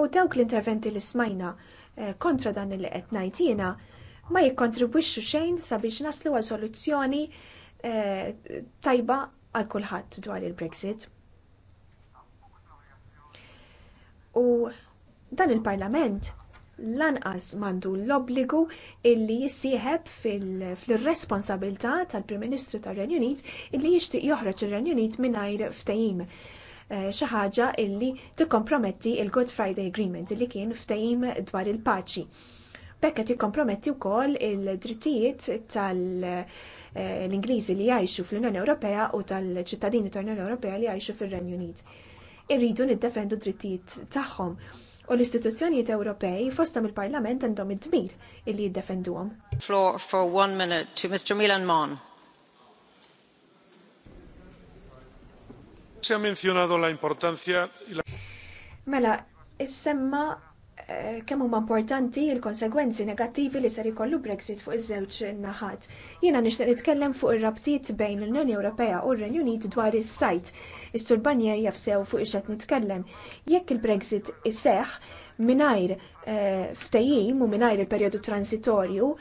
U dawk l-interventi li smajna eh, kontra dan li qed ngħid ma jikkontribwixxu xejn sabiex naslu għal soluzzjoni eh, tajba għal kulħadd dwar il-Brexit. U dan il-Parlament lanqas m'għandu l-obbligu illi jissieħeb fil-responsabilità tal-Prim Ministru tar-Renju Unit illi jixtieq joħroġ ir-Renju Unit mingħajr ftehim. Eh, xi ħaġa illi tikkomprometti l good Friday Agreement illi kien ftehim dwar il-paċi. Bekk qed jikkomprometti wkoll il-drittijiet tal- eh, l-Ingliżi li jgħixu fl-Unjoni Ewropea u tal-ċittadini tal-Unjoni Ewropea li jgħixu fir-Renju Unit. Irridu niddefendu d drittijiet tagħhom u l-istituzzjonijiet Ewropej fosthom il-Parlament għandhom id-dmir illi jiddefenduhom. Floor for one minute to Mr. Milan Mon. Se ha menzionado la importancia Mela, Eh, kemm huma importanti l-konsegwenzi negattivi li ser ikollu Brexit fuq iż-żewġ naħat. Jiena nixtieq nitkellem fuq ir-rabtiet bejn l-Unjoni Ewropea u r-Renju Unit dwar is-sajt. Is-Sur Barnier jafsew fuq ix qed nitkellem. Jekk il-Brexit iseħħ mingħajr eh, ftehim u mingħajr il-perjodu transitorju,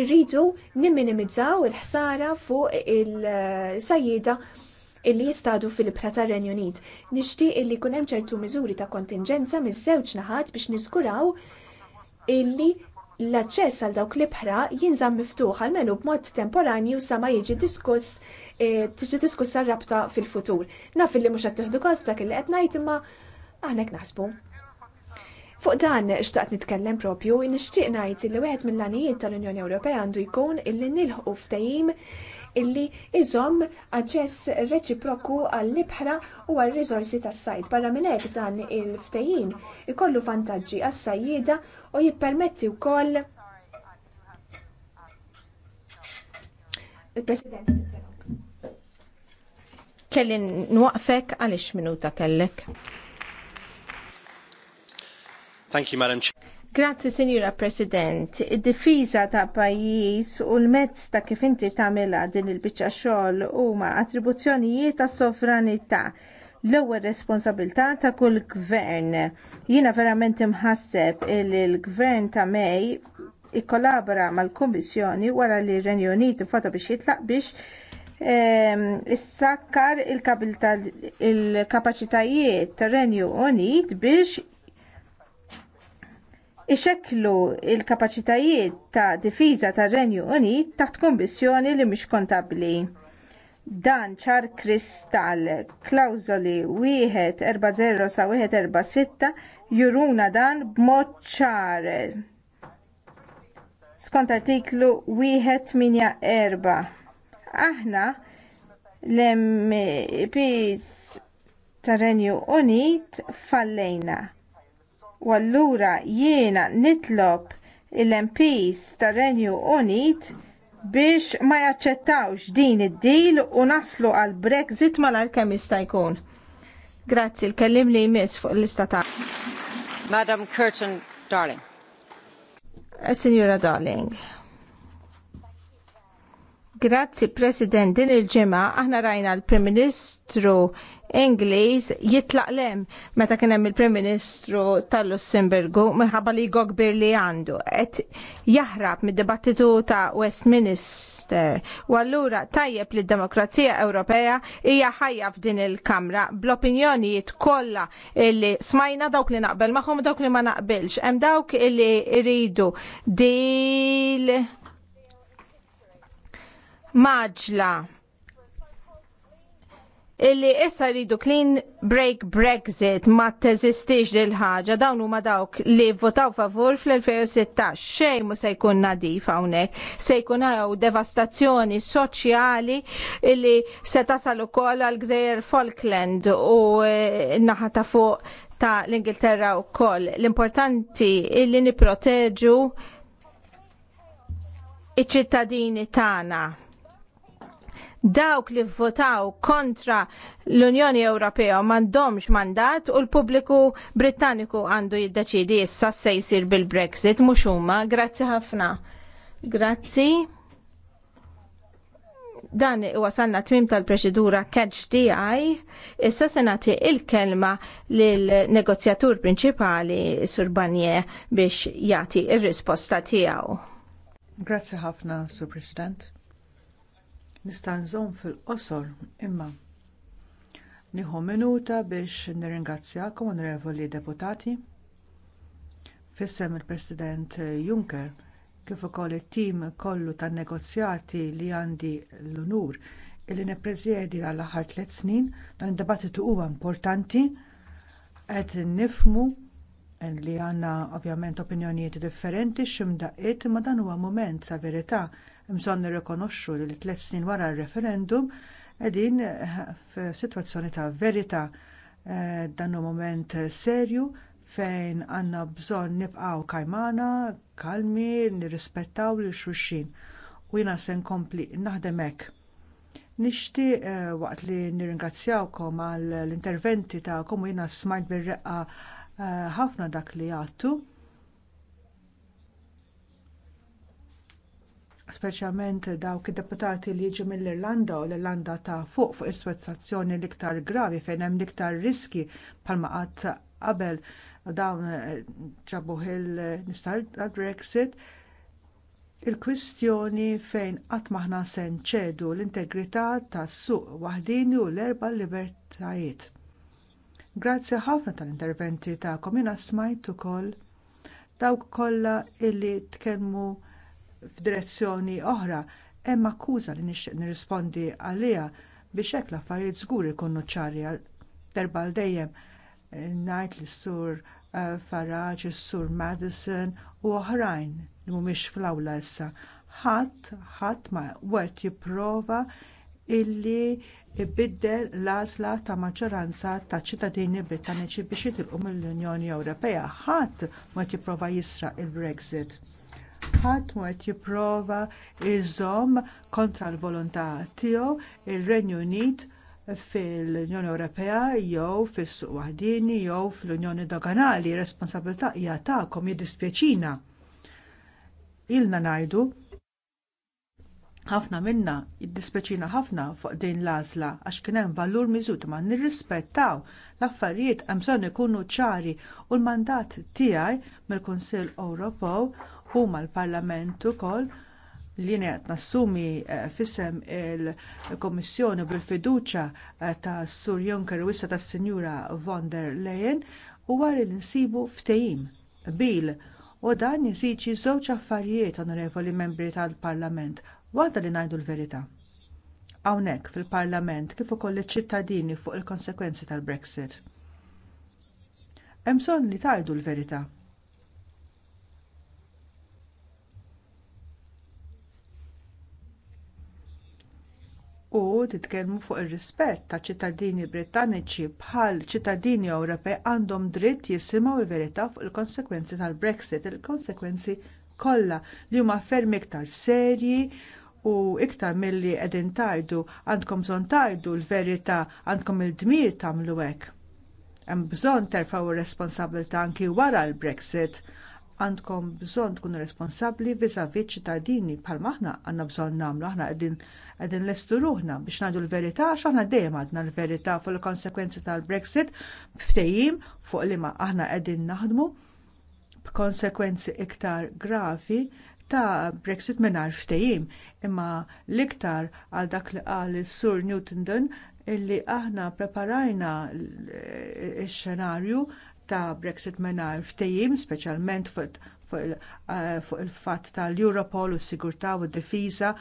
irridu nimminimizzaw il-ħsara fuq il-sajjieda il ħsara fuq il il ħsara fuq il sajjieda illi jistadu fil-ibħra tar-Renju Unit. Nixtieq illi jkun hemm ċertu miżuri ta' kontinġenza miż-żewġ naħat biex niżguraw illi l-aċċess għal dawk l-ibħra jinżamm miftuħ għal b'mod temporanju sa ma jiġi diskuss eh, tiġi diskussa rabta fil-futur. Naf li mhux qed tieħdu każ dak li qed ngħid imma aħna hekk naħsbu. Fuq dan xtaqt nitkellem propju, nixtieq ngħid li wieħed mill-għanijiet tal-Unjoni Ewropea għandu jkun illi nilħqu ftehim illi iżom aċċess reċiproku għall-ibħra u għall-riżorsi tas-sajt. Barra minn hekk dan il-ftehim ikollu vantaġġi għas-sajjieda u jippermetti wkoll il-President nwaqfek għaliex minuta kellek. Thank you, Madam Chair. Grazzi, Sinjura President. Id-difiża ta' pajjiż u l-mezz ta' kif inti tagħmilha din il-biċċa xogħol huma attribuzzjonijiet ta' sovranità l-ewwel responsabilità ta' kull gvern. Jiena verament imħasseb li l-gvern ta' Mej ikkolabora mal-Kummissjoni wara li r-Renju Unitu fata biex jitlaq biex ehm, issakkar il-kapacitajiet tar Renju Unit biex ixekklu l kapaċitajiet ta' difiża tar-Renju Unit taħt kumbissjoni li mhix kontabbli. Dan ċar kristall klawżoli wieħed 1.40 sa 1.46 juruna dan b'mod ċar. Skont artiklu 1.84. Aħna l-MPs tar-Renju Unit fallejna U allura jiena nitlob il-MPs tar-Renju Unit biex ma jaċċettawx din id-dil u naslu għal Brexit malar kemm jista' jkun. Grazzi, l-kellim li jmiss fuq l-lista ta' Madam Curtin Darling. Eh, Signora Darling. Grazzi President, din il-ġimgħa aħna rajna l-Prim Ministru Ingliż jitlaq lem meta kien hemm il-Prim Ministru tal-Lussemburgu minħabba li kbir li għandu qed jaħrab mid-dibattitu ta' Westminster. U allura tajjeb li d-Demokrazija Ewropea hija ħajja f'din il-Kamra bl-opinjonijiet kollha li smajna dawk li naqbel magħhom dawk li ma naqbilx. Hemm dawk li jridu dil maġla illi issa rridu clean break Brexit ma teżistix lil ħaġa dawn huma dawk li votaw favur fl-2016 xejn mu se jkun nadif hawnhekk se jkun hawn devastazzjoni soċjali illi se tasal ukoll għal gżejjer Falkland u e, naħa ta' fuq ta' l-Ingilterra wkoll. L-importanti illi nipproteġu iċ-ċittadini tagħna dawk li votaw kontra l-Unjoni Ewropea m'għandhomx mandat u l-pubbliku Britanniku għandu jiddeċidi issa se jsir bil-Brexit mhux huma. Grazzi ħafna. Grazzi. Dan wasalna tmim tal-proċedura catch DI, issa se nagħti l kelma lill-negozjatur prinċipali Sur Banier biex jagħti ir-risposta tiegħu. Grazzi ħafna, Sur President. Nista' nżomm fil-qosor imma nieħu minuta biex nirringrazzjakom onorevoli deputati fissem il-President Juncker kif ukoll it-tim kollu tan-negozjati li għandi l-unur illi nippreżjedi għall aħħar tliet snin dan id-dibattitu huwa importanti qed nifhmu li għandna ovvjament opinjonijiet differenti x'imdaqqiet imma dan huwa mument ta' verità Mżon nirrikonoxxu li tliet snin wara r-referendum qegħdin eh, f'sitwazzjoni ta' verità eh, dan mument serju fejn għandna bżonn nibqgħu kajmana, kalmi, nirrispettaw lil xulxin. U jiena se nkompli naħdem hekk. Nixtieq eh, waqt li nirringrazzjawkom għall interventi tagħkom u jiena smajt bir-reqqa ħafna dak li għattu speċjalment dawk id-deputati li jiġu mill-Irlanda u l-Irlanda ta' fuq fuq is-sitwazzjoni l-iktar gravi fejn hemm l-iktar riski bħalma qatt qabel dawn eh, ġabu il-nistar eh, ta' Brexit il-kwistjoni fejn qatt maħna se nċedu l-integrità tas-suq waħdin u l-erba' libertajiet. Grazzi ħafna tal-interventi tagħkom jiena smajt ukoll dawk kollha illi tkellmu f'direzzjoni oħra, hemm akkuża li nixtieq nirrispondi għaliha biex hekk l-affarijiet żgur ikunu ċari darba dejjem eh, ngħid lis sur eh, Farage, is-sur Madison u oħrajn li mhumiex fl-awla issa. Ħadd ħadd ma wet jipprova illi ibiddel l-għażla ta' maġġoranza ta' ċittadini Brittaniċi biex jitilqu mill-Unjoni Ewropea. Ħadd ma jipprova jisraq il-Brexit ħadd qed jipprova jżomm kontra l-volontà tiegħu ir-Renju Unit fil-Unjoni Ewropea jew fis-suq waħdini jew fl-Unjoni Doganali, responsabilità hija tagħkom jiddispjaċina. Ilna ngħidu ħafna minna jiddispjaċina ħafna fuq din l-għażla għax kien hemm valur miżut ma nirrispettaw l-affarijiet hemm bżonn ikunu ċari u l-mandat tiegħi mill-Kunsill Ewropew huma l-Parlament ukoll li qed nassumi eh, fisem il-Kommissjoni bil-fiduċja eh, ta' Sur Juncker u issa tas Sinjura von der Leyen huwa li nsibu ftehim bil u dan jisiġi żewġ affarijiet onorevoli membri tal-Parlament waħda li ngħidu l-verità. Hawnhekk fil-Parlament kif ukoll iċ-ċittadini fuq il-konsekwenzi tal-Brexit. Hemm bżonn li tgħidu l-verità u titkellmu fuq ir-rispett ta' ċittadini Brittaniċi bħal ċittadini Ewropej għandhom dritt jisimgħu l-verità fuq il-konsekwenzi tal-Brexit, il-konsekwenzi kollha li huma ferm iktar serji u iktar milli qegħdin tgħidu għandkom bżonn tgħidu l-verità għandkom il-dmir tagħmlu hekk. Hemm bżonn terfgħu r-responsabilità anki wara l-Brexit għandkom bżonn tkunu responsabbli viżavi ċittadini bħal maħna għandna bżonn nagħmlu aħna qegħdin qegħdin lestu ruħna biex nagħdu l-verità x'aħna dejjem għadna l-verità fuq il-konsekwenzi tal-Brexit b'ftehim fuq liema aħna qegħdin naħdmu b'konsekwenzi iktar gravi ta' Brexit mingħajr ftehim imma l-iktar għal dak li qal is-Sur Newton illi aħna ppreparajna eh, x-xenarju ta' Brexit mingħajr ftehim speċjalment fuq fuq eh, il-fatt tal-Europol u s-sigurtà u d-difiża.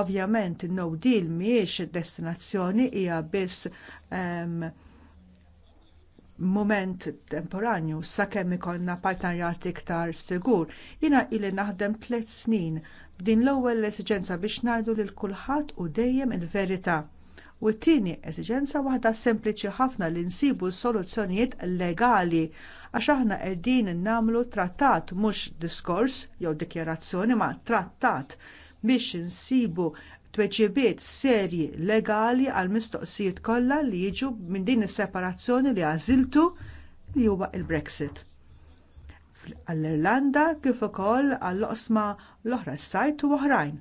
Ovvjament, no deal mhijiex destinazzjoni hija biss mument ehm, temporanju sakemm ikollna partnerjat iktar sigur. Jiena ili naħdem tliet snin b'din l-ewwel esiġenza biex ngħidu lil kulħadd u dejjem il-verità. U t-tieni esiġenza waħda sempliċi ħafna li nsibu soluzzjonijiet legali għax aħna qegħdin nagħmlu trattat mhux diskors jew dikjarazzjoni ma' trattat biex insibu tweġibiet serji legali għall mistoqsijiet kollha li jiġu minn din is-separazzjoni li għażiltu li huwa l brexit Għall-Irlanda kif ukoll għall-oqsma l-oħra s-sajt u oħrajn.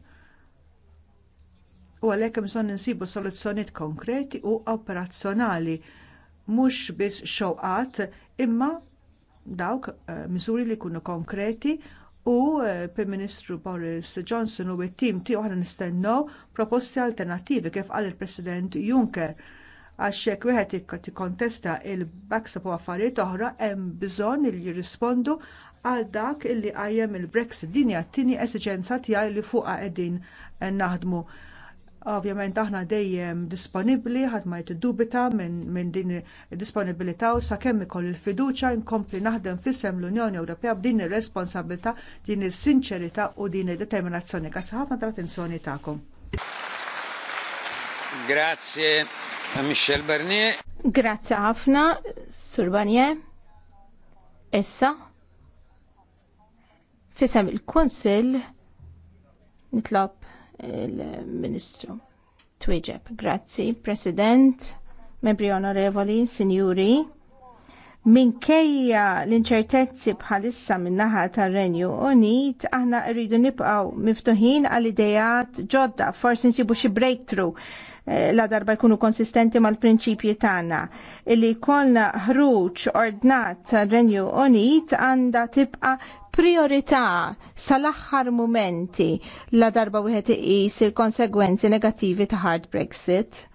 U għalhekk hemm bżonn insibu soluzzjonijiet konkreti u operazzjonali mhux biss xewqat imma dawk eh, miżuri li jkunu konkreti u eh, Prim Ministru Boris Johnson u t-tim tiegħu aħna nistennew proposti alternattivi kif qal il-President Juncker għax hekk wieħed tikkontesta l backstop u affarijiet oħra hemm bżonn li jirrispondu għal dak illi qajjem il-Brexit din hija t-tieni esiġenza tiegħi li fuqha qegħdin naħdmu. Ovvjament aħna dejjem disponibbli ħadd ma jtiddubita minn min din id-disponibilità u sakemm ikoll il-fiduċja nkompli naħdem fissem l-Unjoni Ewropea b'din ir-responsabilità, din is-sinċerità u din id-determinazzjoni. Grazzi ħafna tal-attenzjoni tagħkom. Grazie Michel Barnier. Grazie ħafna, Sur Barnier. Issa, fissem il kunsill nitlob il-Ministru. Twieġeb, grazzi, President, membri onorevoli, sinjuri minkejja l-inċertezzi bħalissa min-naħa tar-Renju Unit, aħna rridu nibqgħu miftuħin għal idejat ġodda, forsi nsibu xi breakthrough eh, la darba jkunu konsistenti mal-prinċipji tagħna. Illi jkollna ħruġ ordnat tar-Renju Unit għandha tibqa' priorità sal-aħħar mumenti la darba wieħed iqis il-konsegwenzi negattivi ta' hard Brexit.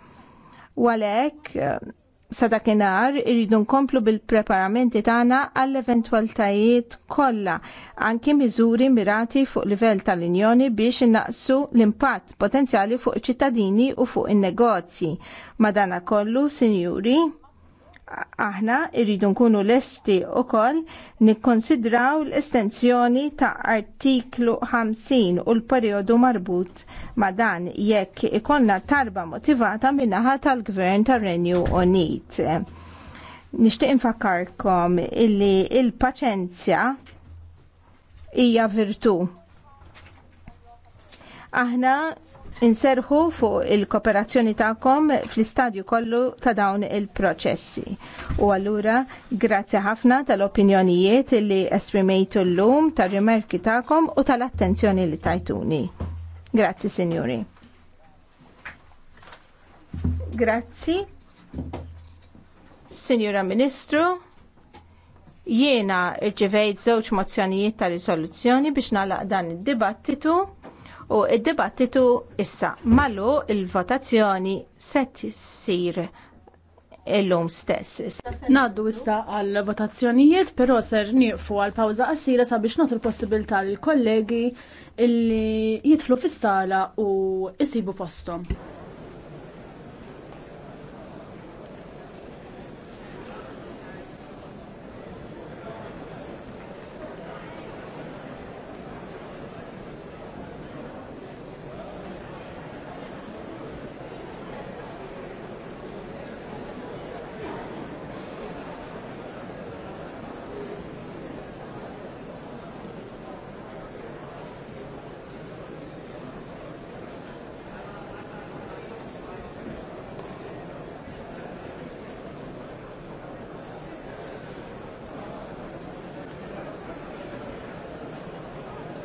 U għalhekk Sadakinar dakinhar irridu nkomplu bil-preparamenti tagħna għall eventwaltajiet kollha anki miżuri mirati fuq livell tal-Unjoni biex innaqsu l-impatt potenzjali fuq iċ-ċittadini u fuq in-negozji. Madana kollu, sinjuri, aħna irridu nkunu lesti wkoll nikkonsidraw l-estensjoni ta' artiklu 50 u l-perjodu marbut ma' dan jekk ikollna tarba motivata min-naħa tal-gvern tar renju Unit. Nixtieq infakkarkom illi l il paċenzja hija virtu. Aħna inserħu fuq il-kooperazzjoni tagħkom fl-istadju kollu ta' dawn il-proċessi. U allura grazzi ħafna tal-opinjonijiet li esprimejtu llum, tar rimerki tagħkom u tal-attenzjoni li tajtuni. Grazzi, signori. Grazzi. Signora Ministru, jiena rċivejt żewġ mozzjonijiet ta' risoluzzjoni biex nagħlaq dan id-dibattitu u id-dibattitu issa malu il-votazzjoni se tissir illum stess. Naddu issa għal votazzjonijiet, però ser nieqfu għal pawza qasira sabiex nagħtu l-possibilità lill kollegi illi jidħlu fis-sala u jsibu posthom.